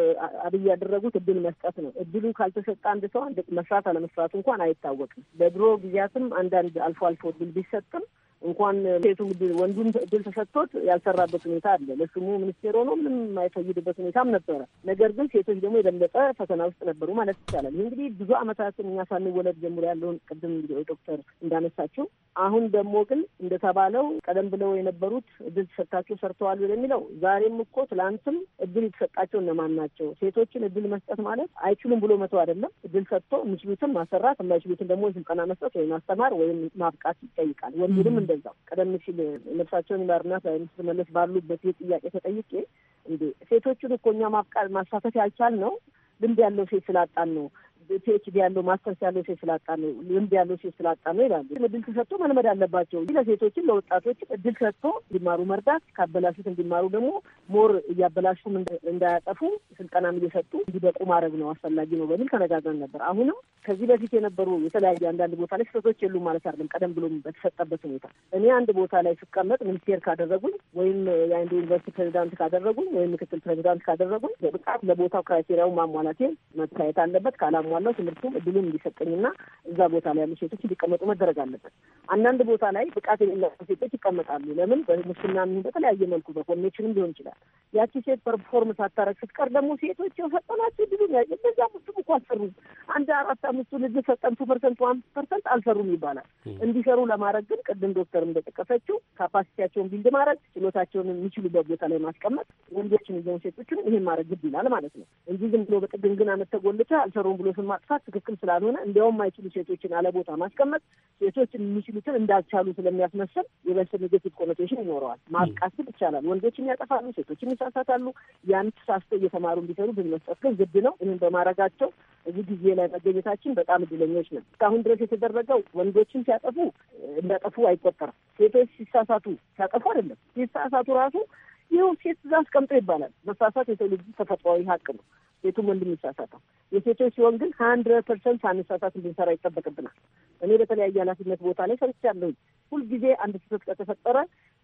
አብይ ያደረጉት እድል መስጠት ነው። እድሉ ካልተሰጠ አንድ ሰው አንድ መስራት አለመስራቱ እንኳን አይታወቅም። በድሮ ጊዜያትም አንዳንድ አልፎ አልፎ እድል ቢሰጥም እንኳን ሴቱም ወንዱም እድል ተሰጥቶት ያልሰራበት ሁኔታ አለ። ለስሙ ሚኒስቴር ሆኖ ምንም የማይፈይድበት ሁኔታም ነበረ። ነገር ግን ሴቶች ደግሞ የበለጠ ፈተና ውስጥ ነበሩ ማለት ይቻላል። ይህ እንግዲህ ብዙ ዓመታትን እኛ ሳንወለድ ጀምሮ ያለውን ቅድም ዶክተር እንዳነሳችው አሁን ደግሞ ግን እንደተባለው ቀደም ብለው የነበሩት እድል ተሰጥታቸው ሰርተዋል የሚለው ዛሬም እኮ ትላንትም እድል የተሰጣቸው እነማን ናቸው? ሴቶችን እድል መስጠት ማለት አይችሉም ብሎ መተው አይደለም። እድል ሰጥቶ የሚችሉትን ማሰራት፣ የማይችሉትን ደግሞ ስልጠና መስጠት ወይም ማስተማር ወይም ማብቃት ይጠይቃል። ወንዱንም እንደዛው ቀደም ሲል ነፍሳቸውን ይማርና ስትመለስ ባሉበት ጥያቄ ተጠይቄ እንዴ ሴቶቹን እኮ እኛ ማብቃት ማሳተፍ ያልቻል ነው ልምድ ያለው ሴት ስላጣን ነው ፒኤችዲ ያለው ማስተርስ ያለው ሴት ስላጣ ነው፣ ልምድ ያለው ሴት ስላጣ ነው ይላሉ። እድል ተሰጥቶ መልመድ አለባቸው። ለሴቶችም ለወጣቶችም እድል ሰጥቶ እንዲማሩ መርዳት፣ ካበላሹት እንዲማሩ ደግሞ ሞር እያበላሹም እንዳያጠፉ ስልጠናም እየሰጡ እንዲበቁ ማድረግ ነው አስፈላጊ ነው በሚል ተነጋግረን ነበር። አሁንም ከዚህ በፊት የነበሩ የተለያዩ አንዳንድ ቦታ ላይ ስህተቶች የሉ ማለት አይደለም። ቀደም ብሎ በተሰጠበት ሁኔታ እኔ አንድ ቦታ ላይ ስቀመጥ ሚኒስቴር ካደረጉኝ ወይም የአንድ ዩኒቨርሲቲ ፕሬዚዳንት ካደረጉኝ ወይም ምክትል ፕሬዚዳንት ካደረጉኝ በብቃት ለቦታው ክራይቴሪያው ማሟላቴ መታየት አለበት ካላሟ አምናለሁ። ትምህርቱም እድሉን እንዲሰጠኝና እዛ ቦታ ላይ ያሉ ሴቶች እንዲቀመጡ መደረግ አለበት። አንዳንድ ቦታ ላይ ብቃት የሌላቸው ሴቶች ይቀመጣሉ። ለምን በሙስና ሚሆን በተለያየ መልኩ በኮሚኒኬሽንም ሊሆን ይችላል። ያቺ ሴት ፐርፎርም ሳታረግ ስትቀር ደግሞ ሴቶች የሰጠናቸው እድሉ እነዛ ሙስም እኮ አልሰሩም። አንድ አራት አምስቱ ልጅ ሰጠን ቱ ፐርሰንት ዋን ፐርሰንት አልሰሩም ይባላል። እንዲሰሩ ለማድረግ ግን ቅድም ዶክተር እንደጠቀሰችው ካፓሲቲያቸውን ቢልድ ማድረግ፣ ችሎታቸውን የሚችሉበት ቦታ ላይ ማስቀመጥ፣ ወንዶችን ይዘውን ሴቶችን ይሄን ማድረግ ግድ ይላል ማለት ነው እንጂ ዝም ብሎ በጥግን ግን አመተጎልቻ አልሰሩም ብሎ ስም ማጥፋት ትክክል ስላልሆነ እንዲያውም የማይችሉ ሴቶችን አለቦታ ማስቀመጥ ሴቶች የሚችሉትን እንዳልቻሉ ስለሚያስመስል የበስተ ኔጌቲቭ ኮኖቴሽን ይኖረዋል። ማቃስል ይቻላል። ወንዶችን ያጠፋሉ፣ ሴቶች ይሳሳታሉ። ያን ተሳስቶ እየተማሩ እንዲሰሩ ብንመስጠት ግን ግድ ነው። ይህን በማድረጋቸው እዚህ ጊዜ ላይ መገኘታችን በጣም እድለኞች ነን። እስካሁን ድረስ የተደረገው ወንዶችን ሲያጠፉ እንዳጠፉ አይቆጠርም። ሴቶች ሲሳሳቱ ሲያጠፉ አይደለም ሲሳሳቱ ራሱ ይኸው ሴት እዛ አስቀምጦ ይባላል። መሳሳት የሰው ልጅ ተፈጥሯዊ ሀቅ ነው። ሴቱም ወንድ የሚሳሳተው የሴቶች ሲሆን ግን ሀንድረድ ፐርሰንት ሳንሳሳት እንድንሰራ ይጠበቅብናል። እኔ በተለያየ ኃላፊነት ቦታ ላይ ሰርቻለሁኝ። ሁልጊዜ አንድ ስህተት ከተፈጠረ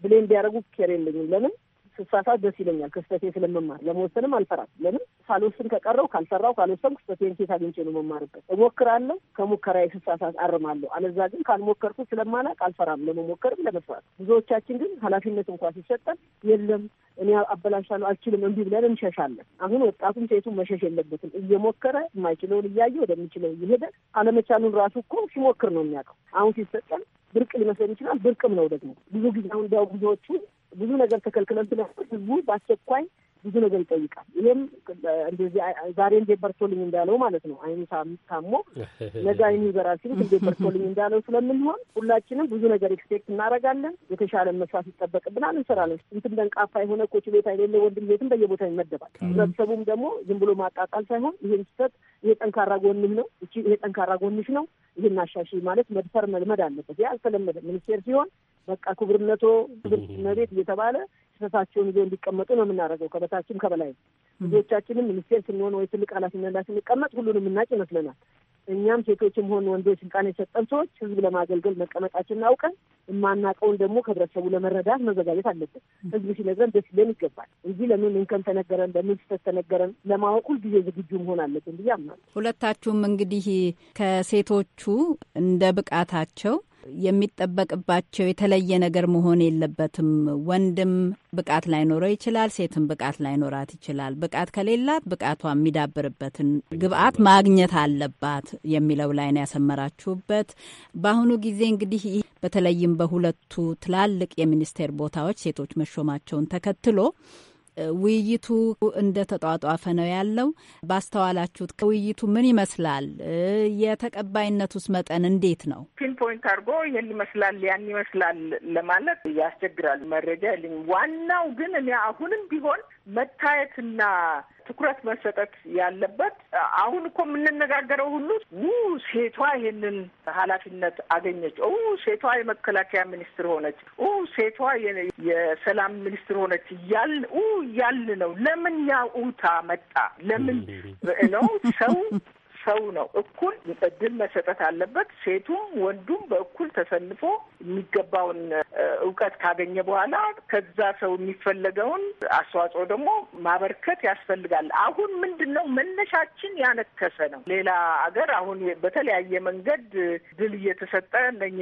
ብሌም ቢያደርጉ ኬር የለኝም። ለምን ስሳሳት ደስ ይለኛል። ክስተቴን ስለመማር ለመወሰንም አልፈራም። ለምን ሳልወስን ከቀረው ካልሰራው ካልወሰን ክስተቴን ሴት አግኝቼ ነው መማርበት። እሞክራለሁ፣ ከሙከራ ስሳሳት አርማለሁ። አለዛ ግን ካልሞከርኩ ስለማላቅ አልፈራም ለመሞከርም ለመስራት። ብዙዎቻችን ግን ኃላፊነት እንኳ ሲሰጠን የለም እኔ አበላሻለሁ አልችልም እምቢ ብለን እንሸሻለን። አሁን ወጣቱም ሴቱም መሸሽ የለበትም። እየሞከረ የማይችለውን እያየ ወደሚችለው እየሄደ አለመቻሉን ራሱ እኮ ሲሞክር ነው የሚያውቀው። አሁን ሲሰጠን ብርቅ ሊመስለን ይችላል። ብርቅም ነው ደግሞ ብዙ ጊዜ አሁን እንዲያው ብዙዎቹ ብዙ ነገር ተከልክለን ስለሆነ ህዝቡ በአስቸኳይ ብዙ ነገር ይጠይቃል። ይህም እንደዚህ ዛሬ እንዴት በርቶልኝ እንዳለው ማለት ነው። አይኑ ታሞ ነገ አይኑ ይበራል ሲሉት እንዴት በርቶልኝ እንዳለው ስለምንሆን ሁላችንም ብዙ ነገር ኤክስፔክት እናደርጋለን። የተሻለ መስራት ይጠበቅብናል፣ እንሰራለን። እንትን ደንቃፋ የሆነ ኮች ቤታ የሌለ ወንድም ቤትም በየቦታ ይመደባል። ህብረተሰቡም ደግሞ ዝም ብሎ ማቃቃል ሳይሆን ይህን ስህተት ይሄ ጠንካራ ጎንህ ነው፣ ይሄ ጠንካራ ጎንሽ ነው፣ ይህን አሻሺ ማለት መድፈር መልመድ አለበት። ያ አልተለመደ ሚኒስቴር ሲሆን በቃ ክቡርነቶ ክቡር መቤት እየተባለ እርሳቸውን ይዘው እንዲቀመጡ ነው የምናደርገው። ከበታችም ከበላይ ልጆቻችንም ሚኒስቴር ስንሆን ወይ ትልቅ ኃላፊነት ላይ ስንቀመጥ ሁሉን የምናጭ ይመስለናል። እኛም ሴቶችም ሆን ወንዶች ስልጣን የሰጠን ሰዎች ህዝብ ለማገልገል መቀመጣችንን አውቀን የማናውቀውን ደግሞ ከህብረተሰቡ ለመረዳት መዘጋጀት አለብን። ህዝብ ሲነግረን ደስ ሊለን ይገባል እንጂ ለምን እንከን ተነገረን፣ ለምን ስህተት ተነገረን ለማወቅ ሁልጊዜ ዝግጁ መሆን አለብን ብዬ አምናለሁ። ሁለታችሁም እንግዲህ ከሴቶቹ እንደ ብቃታቸው የሚጠበቅባቸው የተለየ ነገር መሆን የለበትም። ወንድም ብቃት ላይኖረው ይችላል፣ ሴትም ብቃት ላይኖራት ይችላል። ብቃት ከሌላት ብቃቷ የሚዳብርበትን ግብአት ማግኘት አለባት የሚለው ላይ ነው ያሰመራችሁበት። በአሁኑ ጊዜ እንግዲህ በተለይም በሁለቱ ትላልቅ የሚኒስቴር ቦታዎች ሴቶች መሾማቸውን ተከትሎ ውይይቱ እንደ ተጧጧፈ ነው ያለው? ባስተዋላችሁት ውይይቱ ምን ይመስላል? የተቀባይነቱስ መጠን እንዴት ነው? ፒንፖይንት አድርጎ ይህን ይመስላል ያን ይመስላል ለማለት ያስቸግራል። መረጃ የለኝም። ዋናው ግን እኔ አሁንም ቢሆን መታየትና ትኩረት መሰጠት ያለበት። አሁን እኮ የምንነጋገረው ሁሉ ው ሴቷ ይህንን ኃላፊነት አገኘች፣ ው ሴቷ የመከላከያ ሚኒስትር ሆነች፣ ው ሴቷ የሰላም ሚኒስትር ሆነች እያል ው እያል ነው። ለምን ያውታ መጣ? ለምን ነው ሰው ሰው ነው። እኩል እድል መሰጠት አለበት። ሴቱም ወንዱም በእኩል ተሰልፎ የሚገባውን እውቀት ካገኘ በኋላ ከዛ ሰው የሚፈለገውን አስተዋጽኦ ደግሞ ማበርከት ያስፈልጋል። አሁን ምንድን ነው መነሻችን ያነከሰ ነው። ሌላ አገር አሁን በተለያየ መንገድ ድል እየተሰጠ እነህ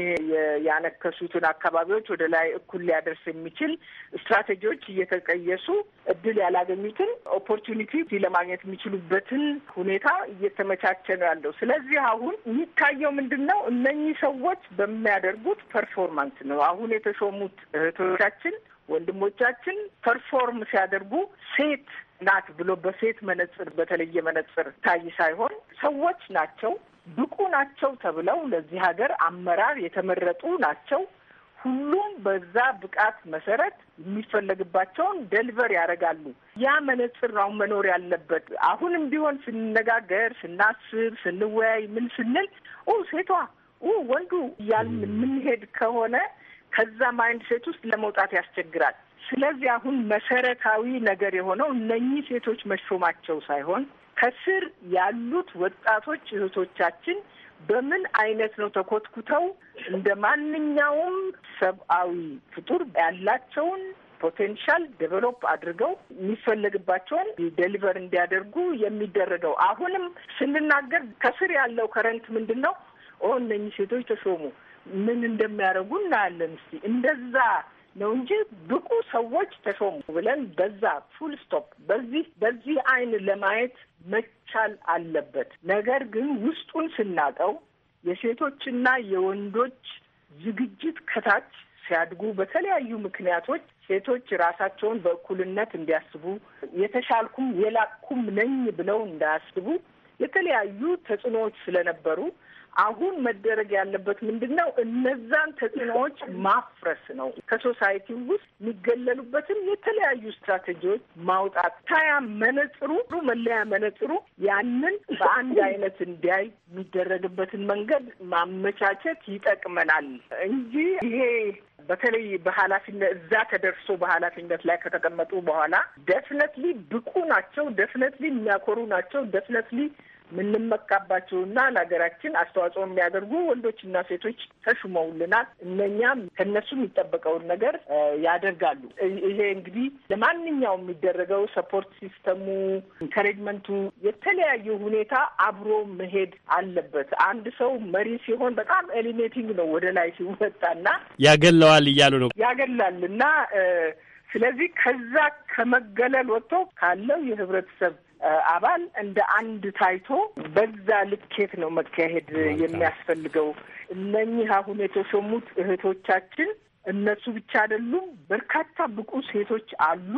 ያነከሱትን አካባቢዎች ወደ ላይ እኩል ሊያደርስ የሚችል ስትራቴጂዎች እየተቀየሱ እድል ያላገኙትን ኦፖርቹኒቲ ለማግኘት የሚችሉበትን ሁኔታ እየተመቻ እየተመቻቸ ነው ያለው። ስለዚህ አሁን የሚታየው ምንድን ነው? እነኚህ ሰዎች በሚያደርጉት ፐርፎርማንስ ነው። አሁን የተሾሙት እህቶቻችን ወንድሞቻችን ፐርፎርም ሲያደርጉ ሴት ናት ብሎ በሴት መነጽር በተለየ መነጽር ታይ ሳይሆን ሰዎች ናቸው ብቁ ናቸው ተብለው ለዚህ ሀገር አመራር የተመረጡ ናቸው። ሁሉም በዛ ብቃት መሰረት የሚፈለግባቸውን ደሊቨር ያደርጋሉ። ያ መነጽር አሁን መኖር ያለበት አሁንም ቢሆን ስንነጋገር፣ ስናስብ፣ ስንወያይ ምን ስንል ኦ ሴቷ ኦ ወንዱ እያልን የምንሄድ ከሆነ ከዛ ማይንድ ሴት ውስጥ ለመውጣት ያስቸግራል። ስለዚህ አሁን መሰረታዊ ነገር የሆነው እነኚህ ሴቶች መሾማቸው ሳይሆን ከስር ያሉት ወጣቶች እህቶቻችን በምን አይነት ነው ተኮትኩተው እንደ ማንኛውም ሰብአዊ ፍጡር ያላቸውን ፖቴንሻል ዴቨሎፕ አድርገው የሚፈለግባቸውን ዴሊቨር እንዲያደርጉ የሚደረገው። አሁንም ስንናገር ከስር ያለው ከረንት ምንድን ነው? ኦ እነኚህ ሴቶች ተሾሙ ምን እንደሚያደርጉ እናያለን። እስቲ እንደዛ ነው እንጂ ብቁ ሰዎች ተሾሙ ብለን በዛ ፉል ስቶፕ በዚህ በዚህ አይን ለማየት መቻል አለበት። ነገር ግን ውስጡን ስናቀው የሴቶችና የወንዶች ዝግጅት ከታች ሲያድጉ በተለያዩ ምክንያቶች ሴቶች ራሳቸውን በእኩልነት እንዲያስቡ የተሻልኩም የላኩም ነኝ ብለው እንዳያስቡ የተለያዩ ተጽዕኖዎች ስለነበሩ አሁን መደረግ ያለበት ምንድን ነው? እነዛን ተጽዕኖዎች ማፍረስ ነው። ከሶሳይቲ ውስጥ የሚገለሉበትን የተለያዩ ስትራቴጂዎች ማውጣት ታያ መነጽሩ መለያ መነጽሩ ያንን በአንድ አይነት እንዲያይ የሚደረግበትን መንገድ ማመቻቸት ይጠቅመናል እንጂ ይሄ በተለይ በኃላፊነት እዛ ተደርሶ በኃላፊነት ላይ ከተቀመጡ በኋላ ደፍነትሊ ብቁ ናቸው፣ ደፍነትሊ የሚያኮሩ ናቸው፣ ደፍነትሊ የምንመካባቸውና ለሀገራችን አስተዋጽኦ የሚያደርጉ ወንዶችና ሴቶች ተሹመውልናል። እነኛም ከነሱ የሚጠበቀውን ነገር ያደርጋሉ። ይሄ እንግዲህ ለማንኛውም የሚደረገው ሰፖርት ሲስተሙ፣ ኢንከሬጅመንቱ፣ የተለያዩ ሁኔታ አብሮ መሄድ አለበት። አንድ ሰው መሪ ሲሆን በጣም ኤሊሜቲንግ ነው ወደ ላይ ሲወጣና ያገለዋል እያሉ ነው ያገላል እና ስለዚህ ከዛ ከመገለል ወጥቶ ካለው የህብረተሰብ አባል እንደ አንድ ታይቶ በዛ ልኬት ነው መካሄድ የሚያስፈልገው። እነኚህ አሁን የተሾሙት እህቶቻችን እነሱ ብቻ አይደሉም። በርካታ ብቁ ሴቶች አሉ።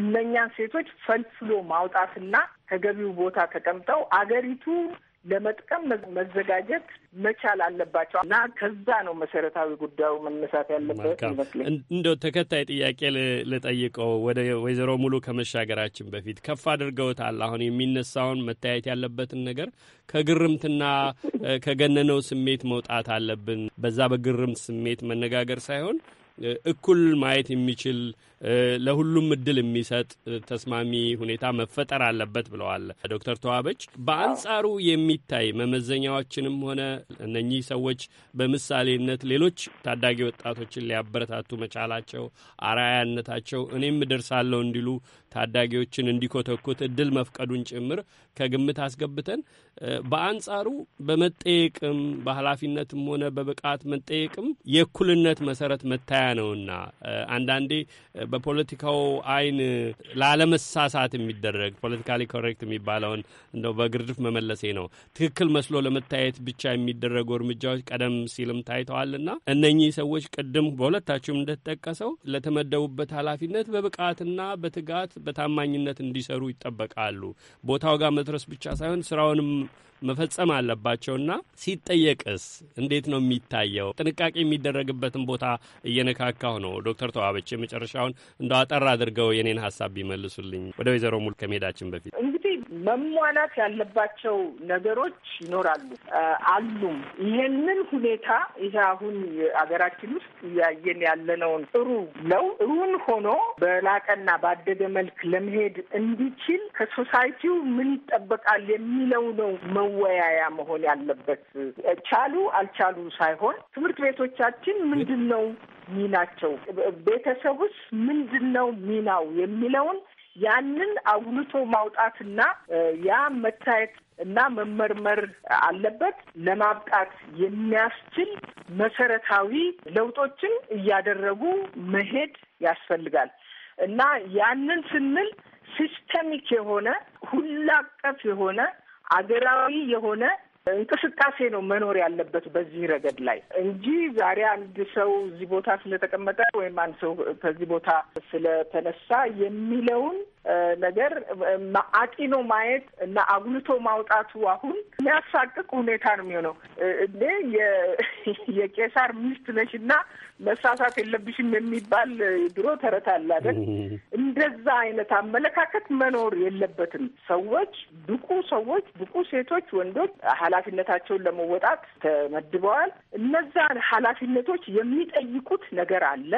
እነኛን ሴቶች ፈልፍሎ ማውጣትና ተገቢው ቦታ ተቀምጠው አገሪቱን ለመጥቀም መዘጋጀት መቻል አለባቸው እና ከዛ ነው መሰረታዊ ጉዳዩ መነሳት ያለበት ይመስለኝ። እንደው ተከታይ ጥያቄ ልጠይቀው ወደ ወይዘሮ ሙሉ ከመሻገራችን በፊት ከፍ አድርገውታል። አሁን የሚነሳውን መታየት ያለበትን ነገር ከግርምትና ከገነነው ስሜት መውጣት አለብን። በዛ በግርምት ስሜት መነጋገር ሳይሆን እኩል ማየት የሚችል ለሁሉም እድል የሚሰጥ ተስማሚ ሁኔታ መፈጠር አለበት ብለዋል ዶክተር ተዋበች። በአንጻሩ የሚታይ መመዘኛዎችንም ሆነ እነኚህ ሰዎች በምሳሌነት ሌሎች ታዳጊ ወጣቶችን ሊያበረታቱ መቻላቸው፣ አርአያነታቸው እኔም እደርሳለሁ እንዲሉ ታዳጊዎችን እንዲኮተኩት እድል መፍቀዱን ጭምር ከግምት አስገብተን በአንጻሩ በመጠየቅም በኃላፊነትም ሆነ በብቃት መጠየቅም የእኩልነት መሰረት መታያ ነውና አንዳንዴ በፖለቲካው አይን ላለመሳሳት የሚደረግ ፖለቲካሊ ኮሬክት የሚባለውን እንደው በግርድፍ መመለሴ ነው ትክክል መስሎ ለመታየት ብቻ የሚደረጉ እርምጃዎች ቀደም ሲልም ታይተዋልና እነኚህ ሰዎች ቅድም በሁለታችሁም እንደተጠቀሰው ለተመደቡበት ኃላፊነት በብቃትና በትጋት በታማኝነት እንዲሰሩ ይጠበቃሉ። ቦታው ጋር መድረስ ብቻ ሳይሆን ስራውንም መፈጸም አለባቸውና ሲጠየቅስ እንዴት ነው የሚታየው? ጥንቃቄ የሚደረግበትን ቦታ እየነካካሁ ነው። ዶክተር ተዋበች የመጨረሻውን እንደ አጠር አድርገው የኔን ሀሳብ ቢመልሱልኝ ወደ ወይዘሮ ሙሉ ከመሄዳችን በፊት መሟላት ያለባቸው ነገሮች ይኖራሉ አሉም። ይህንን ሁኔታ ይሄ አሁን አገራችን ውስጥ እያየን ያለነውን ጥሩ ለው እውን ሆኖ በላቀና ባደገ መልክ ለመሄድ እንዲችል ከሶሳይቲው ምን ይጠበቃል የሚለው ነው መወያያ መሆን ያለበት። ቻሉ አልቻሉ ሳይሆን ትምህርት ቤቶቻችን ምንድን ነው ሚናቸው፣ ቤተሰቡስ ምንድን ነው ሚናው የሚለውን ያንን አውልቶ ማውጣትና ያ መታየት እና መመርመር አለበት። ለማብቃት የሚያስችል መሰረታዊ ለውጦችን እያደረጉ መሄድ ያስፈልጋል እና ያንን ስንል ሲስተሚክ የሆነ ሁላቀፍ የሆነ አገራዊ የሆነ እንቅስቃሴ ነው መኖር ያለበት በዚህ ረገድ ላይ እንጂ ዛሬ አንድ ሰው እዚህ ቦታ ስለተቀመጠ ወይም አንድ ሰው ከዚህ ቦታ ስለተነሳ የሚለውን ነገር አጢኖ ማየት እና አጉልቶ ማውጣቱ አሁን የሚያሳቅቅ ሁኔታ ነው የሚሆነው። እኔ የቄሳር ሚስት ነሽ እና መሳሳት የለብሽም የሚባል ድሮ ተረት አለ አይደል? እንደዛ አይነት አመለካከት መኖር የለበትም። ሰዎች ብቁ ሰዎች፣ ብቁ ሴቶች፣ ወንዶች ኃላፊነታቸውን ለመወጣት ተመድበዋል። እነዛ ኃላፊነቶች የሚጠይቁት ነገር አለ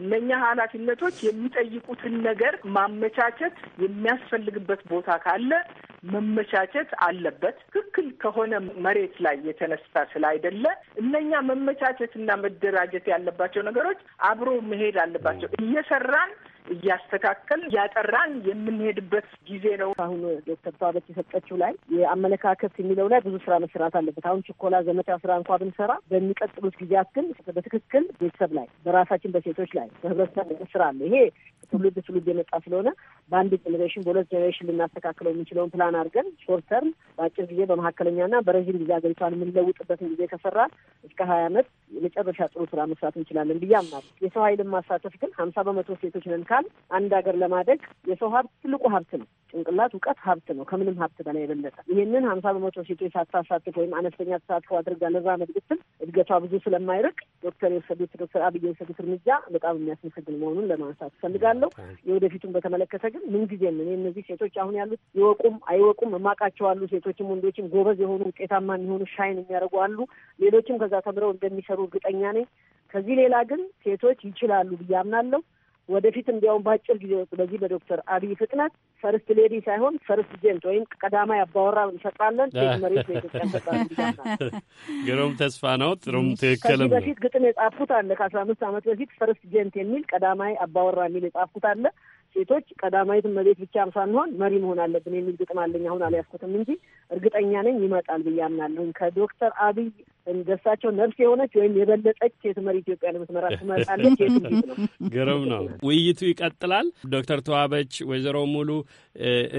እነኛ ኃላፊነቶች የሚጠይቁትን ነገር ማመቻቸት የሚያስፈልግበት ቦታ ካለ መመቻቸት አለበት። ትክክል ከሆነ መሬት ላይ የተነሳ ስላይደለ እነኛ መመቻቸት እና መደራጀት ያለባቸው ነገሮች አብሮ መሄድ አለባቸው እየሰራን እያስተካከል እያጠራን የምንሄድበት ጊዜ ነው። አሁን ዶክተር ተዋበች የሰጠችው ላይ የአመለካከት የሚለው ላይ ብዙ ስራ መሰራት አለበት። አሁን ችኮላ ዘመቻ ስራ እንኳ ብንሰራ በሚቀጥሉት ጊዜያት ግን በትክክል ቤተሰብ ላይ፣ በራሳችን በሴቶች ላይ በህብረተሰብ ስራ አለ ይሄ ትውልድ ትውልድ የመጣ ስለሆነ በአንድ ጀኔሬሽን በሁለት ጀኔሬሽን ልናስተካክለው የምንችለውን ፕላን አድርገን ሾርት ተርም በአጭር ጊዜ በመካከለኛና በረዥም ጊዜ ሀገሪቷን የምንለውጥበትን ጊዜ ከሰራ እስከ ሀያ አመት የመጨረሻ ጥሩ ስራ መስራት እንችላለን ብዬ አምናለሁ። የሰው ኃይልን ማሳተፍ ግን ሀምሳ በመቶ ሴቶች ነን ካል አንድ ሀገር ለማደግ የሰው ሀብት ትልቁ ሀብት ነው። ጭንቅላት፣ እውቀት ሀብት ነው፣ ከምንም ሀብት በላይ የበለጠ። ይህንን ሀምሳ በመቶ ሴቶች ሳታሳትፍ ወይም አነስተኛ ተሳትፎ አድርጋ ለዛ ብትል እድገቷ ብዙ ስለማይርቅ ዶክተር የወሰዱት ዶክተር አብይ የወሰዱት እርምጃ በጣም የሚያስመሰግን መሆኑን ለማንሳት ፈልጋል። አለው። የወደፊቱን በተመለከተ ግን ምንጊዜም እኔ እነዚህ ሴቶች አሁን ያሉት ይወቁም አይወቁም እማቃቸው አሉ። ሴቶችም ወንዶችም ጎበዝ የሆኑ ውጤታማ የሚሆኑ ሻይን የሚያደርጉ አሉ። ሌሎችም ከዛ ተምረው እንደሚሰሩ እርግጠኛ ነኝ። ከዚህ ሌላ ግን ሴቶች ይችላሉ ብዬ አምናለሁ። ወደፊት እንዲያውም በአጭር ጊዜ ውስጥ በዚህ በዶክተር አብይ ፍጥነት ፈርስት ሌዲ ሳይሆን ፈርስት ጀንት ወይም ቀዳማይ አባወራ እንፈጥራለን። መሬት ለኢትዮጵያ እንፈጥራለን። ግሩም ተስፋ ነው። ጥሩም ትክክልም። በፊት ግጥም የጻፍኩት አለ ከአስራ አምስት አመት በፊት ፈርስት ጀንት የሚል ቀዳማይ አባወራ የሚል የጻፍኩት አለ። ሴቶች ቀዳማዊት እመቤት ብቻ ሳንሆን መሪ መሆን አለብን የሚል ግጥም አለኝ። አሁን አልያዝኩትም እንጂ እርግጠኛ ነኝ ይመጣል ብዬ አምናለሁ። ከዶክተር አብይ እንደሳቸው ነፍስ የሆነች ወይም የበለጠች መሪ ኢትዮጵያ የምትመራ ትመጣለች። ግሩም ነው። ውይይቱ ይቀጥላል። ዶክተር ተዋበች፣ ወይዘሮ ሙሉ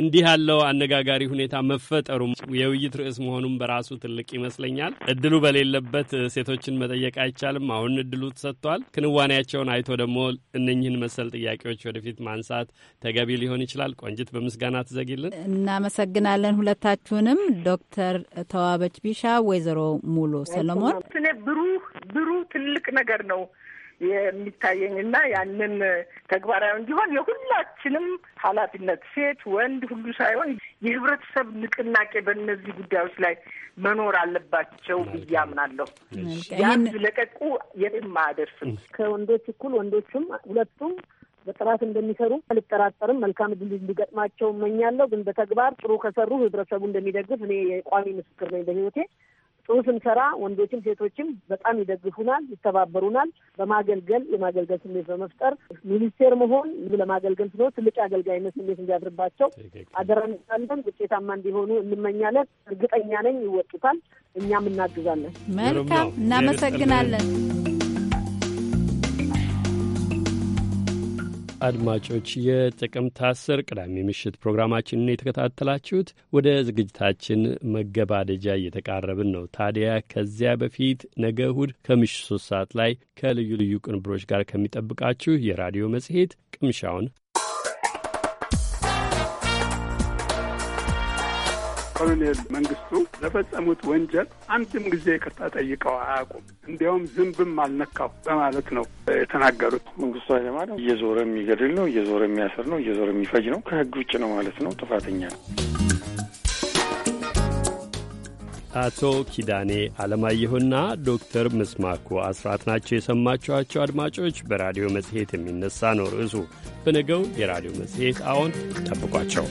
እንዲህ ያለው አነጋጋሪ ሁኔታ መፈጠሩ የውይይት ርዕስ መሆኑን በራሱ ትልቅ ይመስለኛል። እድሉ በሌለበት ሴቶችን መጠየቅ አይቻልም። አሁን እድሉ ተሰጥቷል። ክንዋኔያቸውን አይቶ ደግሞ እነኝህን መሰል ጥያቄዎች ወደፊት ማንሳት ተገቢ ሊሆን ይችላል። ቆንጅት፣ በምስጋና ትዘጊልን። እናመሰግናለን ሁለታችሁንም አሁንም ዶክተር ተዋበች ቢሻ፣ ወይዘሮ ሙሉ ሰለሞን ስኔ ብሩህ ብሩህ ትልቅ ነገር ነው የሚታየኝ እና ያንን ተግባራዊ እንዲሆን የሁላችንም ኃላፊነት ሴት ወንድ ሁሉ ሳይሆን የህብረተሰብ ንቅናቄ በእነዚህ ጉዳዮች ላይ መኖር አለባቸው ብዬ አምናለሁ። ያን ለቀቁ የትም አያደርስም። ከወንዶች እኩል ወንዶችም ሁለቱም በጥራት እንደሚሰሩ አልጠራጠርም። መልካም ድል እንዲገጥማቸው እመኛለሁ። ግን በተግባር ጥሩ ከሰሩ ህብረተሰቡ እንደሚደግፍ እኔ የቋሚ ምስክር ነኝ በህይወቴ ጥሩ ስንሰራ ወንዶችም ሴቶችም በጣም ይደግፉናል፣ ይተባበሩናል። በማገልገል የማገልገል ስሜት በመፍጠር ሚኒስቴር መሆን ለማገልገል ስለሆነ ትልቅ አገልጋይነት ስሜት እንዲያድርባቸው አደራንሳለን። ውጤታማ እንዲሆኑ እንመኛለን። እርግጠኛ ነኝ ይወጡታል። እኛም እናግዛለን። መልካም እናመሰግናለን። አድማጮች የጥቅምት አስር ቅዳሜ ምሽት ፕሮግራማችንን የተከታተላችሁት፣ ወደ ዝግጅታችን መገባደጃ እየተቃረብን ነው። ታዲያ ከዚያ በፊት ነገ እሁድ ከምሽት ሶስት ሰዓት ላይ ከልዩ ልዩ ቅንብሮች ጋር ከሚጠብቃችሁ የራዲዮ መጽሔት ቅምሻውን ኮሎኔል መንግስቱ ለፈጸሙት ወንጀል አንድም ጊዜ ይቅርታ ጠይቀው አያውቁም። እንዲያውም ዝንብም አልነካው በማለት ነው የተናገሩት። መንግስቱ ኃይለማርያም እየዞረ የሚገድል ነው፣ እየዞረ የሚያስር ነው፣ እየዞረ የሚፈጅ ነው። ከህግ ውጭ ነው ማለት ነው። ጥፋተኛ ነው። አቶ ኪዳኔ አለማየሁና ዶክተር ምስማኩ አስራት ናቸው የሰማችኋቸው። አድማጮች፣ በራዲዮ መጽሔት የሚነሳ ነው ርዕሱ። በነገው የራዲዮ መጽሔት አዎን ጠብቋቸው።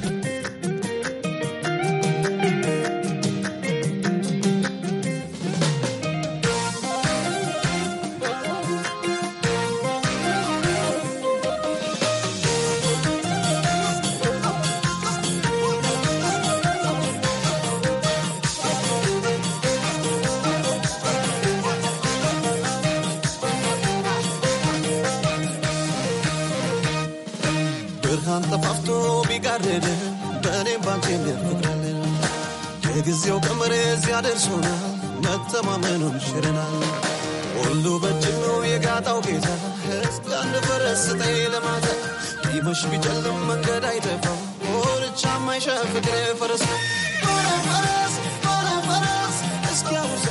ያደርሶናል መተማመኑን ሽረናል ሁሉ በእጅ ነው የጋጣው ጌታ እስኪያን በረስተ ለማታ ሊመሽ ቢጨልም መንገድ አይጠፋ ወርቻ ማይሸ ፈረስ ፈረስ ፈረስ እስኪያውሰ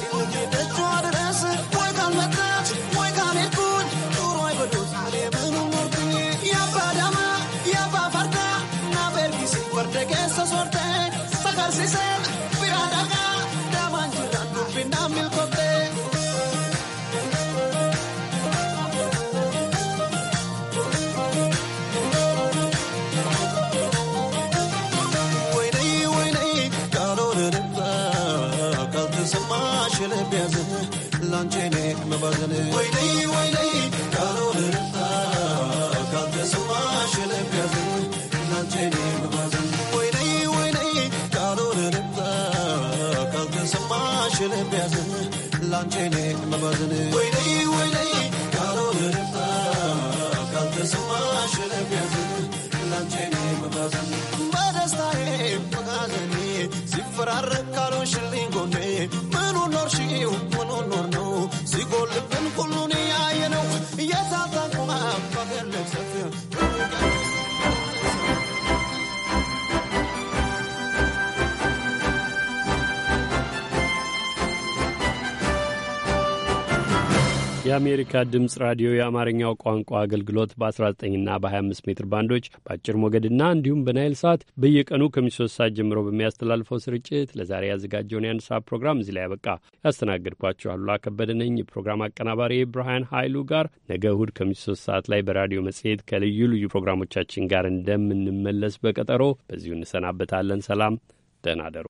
የአሜሪካ ድምፅ ራዲዮ የአማርኛው ቋንቋ አገልግሎት በ19ና በ25 ሜትር ባንዶች በአጭር ሞገድና እንዲሁም በናይል ሰዓት በየቀኑ ከምሽቱ ሰዓት ጀምሮ በሚያስተላልፈው ስርጭት ለዛሬ ያዘጋጀውን የአንድ ሰዓት ፕሮግራም እዚህ ላይ ያበቃ። ያስተናገድኳችሁ አሉላ ከበደ ነኝ። የፕሮግራም አቀናባሪ ብርሃን ኃይሉ ጋር ነገ እሁድ ከምሽቱ ሰዓት ላይ በራዲዮ መጽሔት ከልዩ ልዩ ፕሮግራሞቻችን ጋር እንደምንመለስ በቀጠሮ በዚሁ እንሰናበታለን። ሰላም፣ ደህና አደሩ።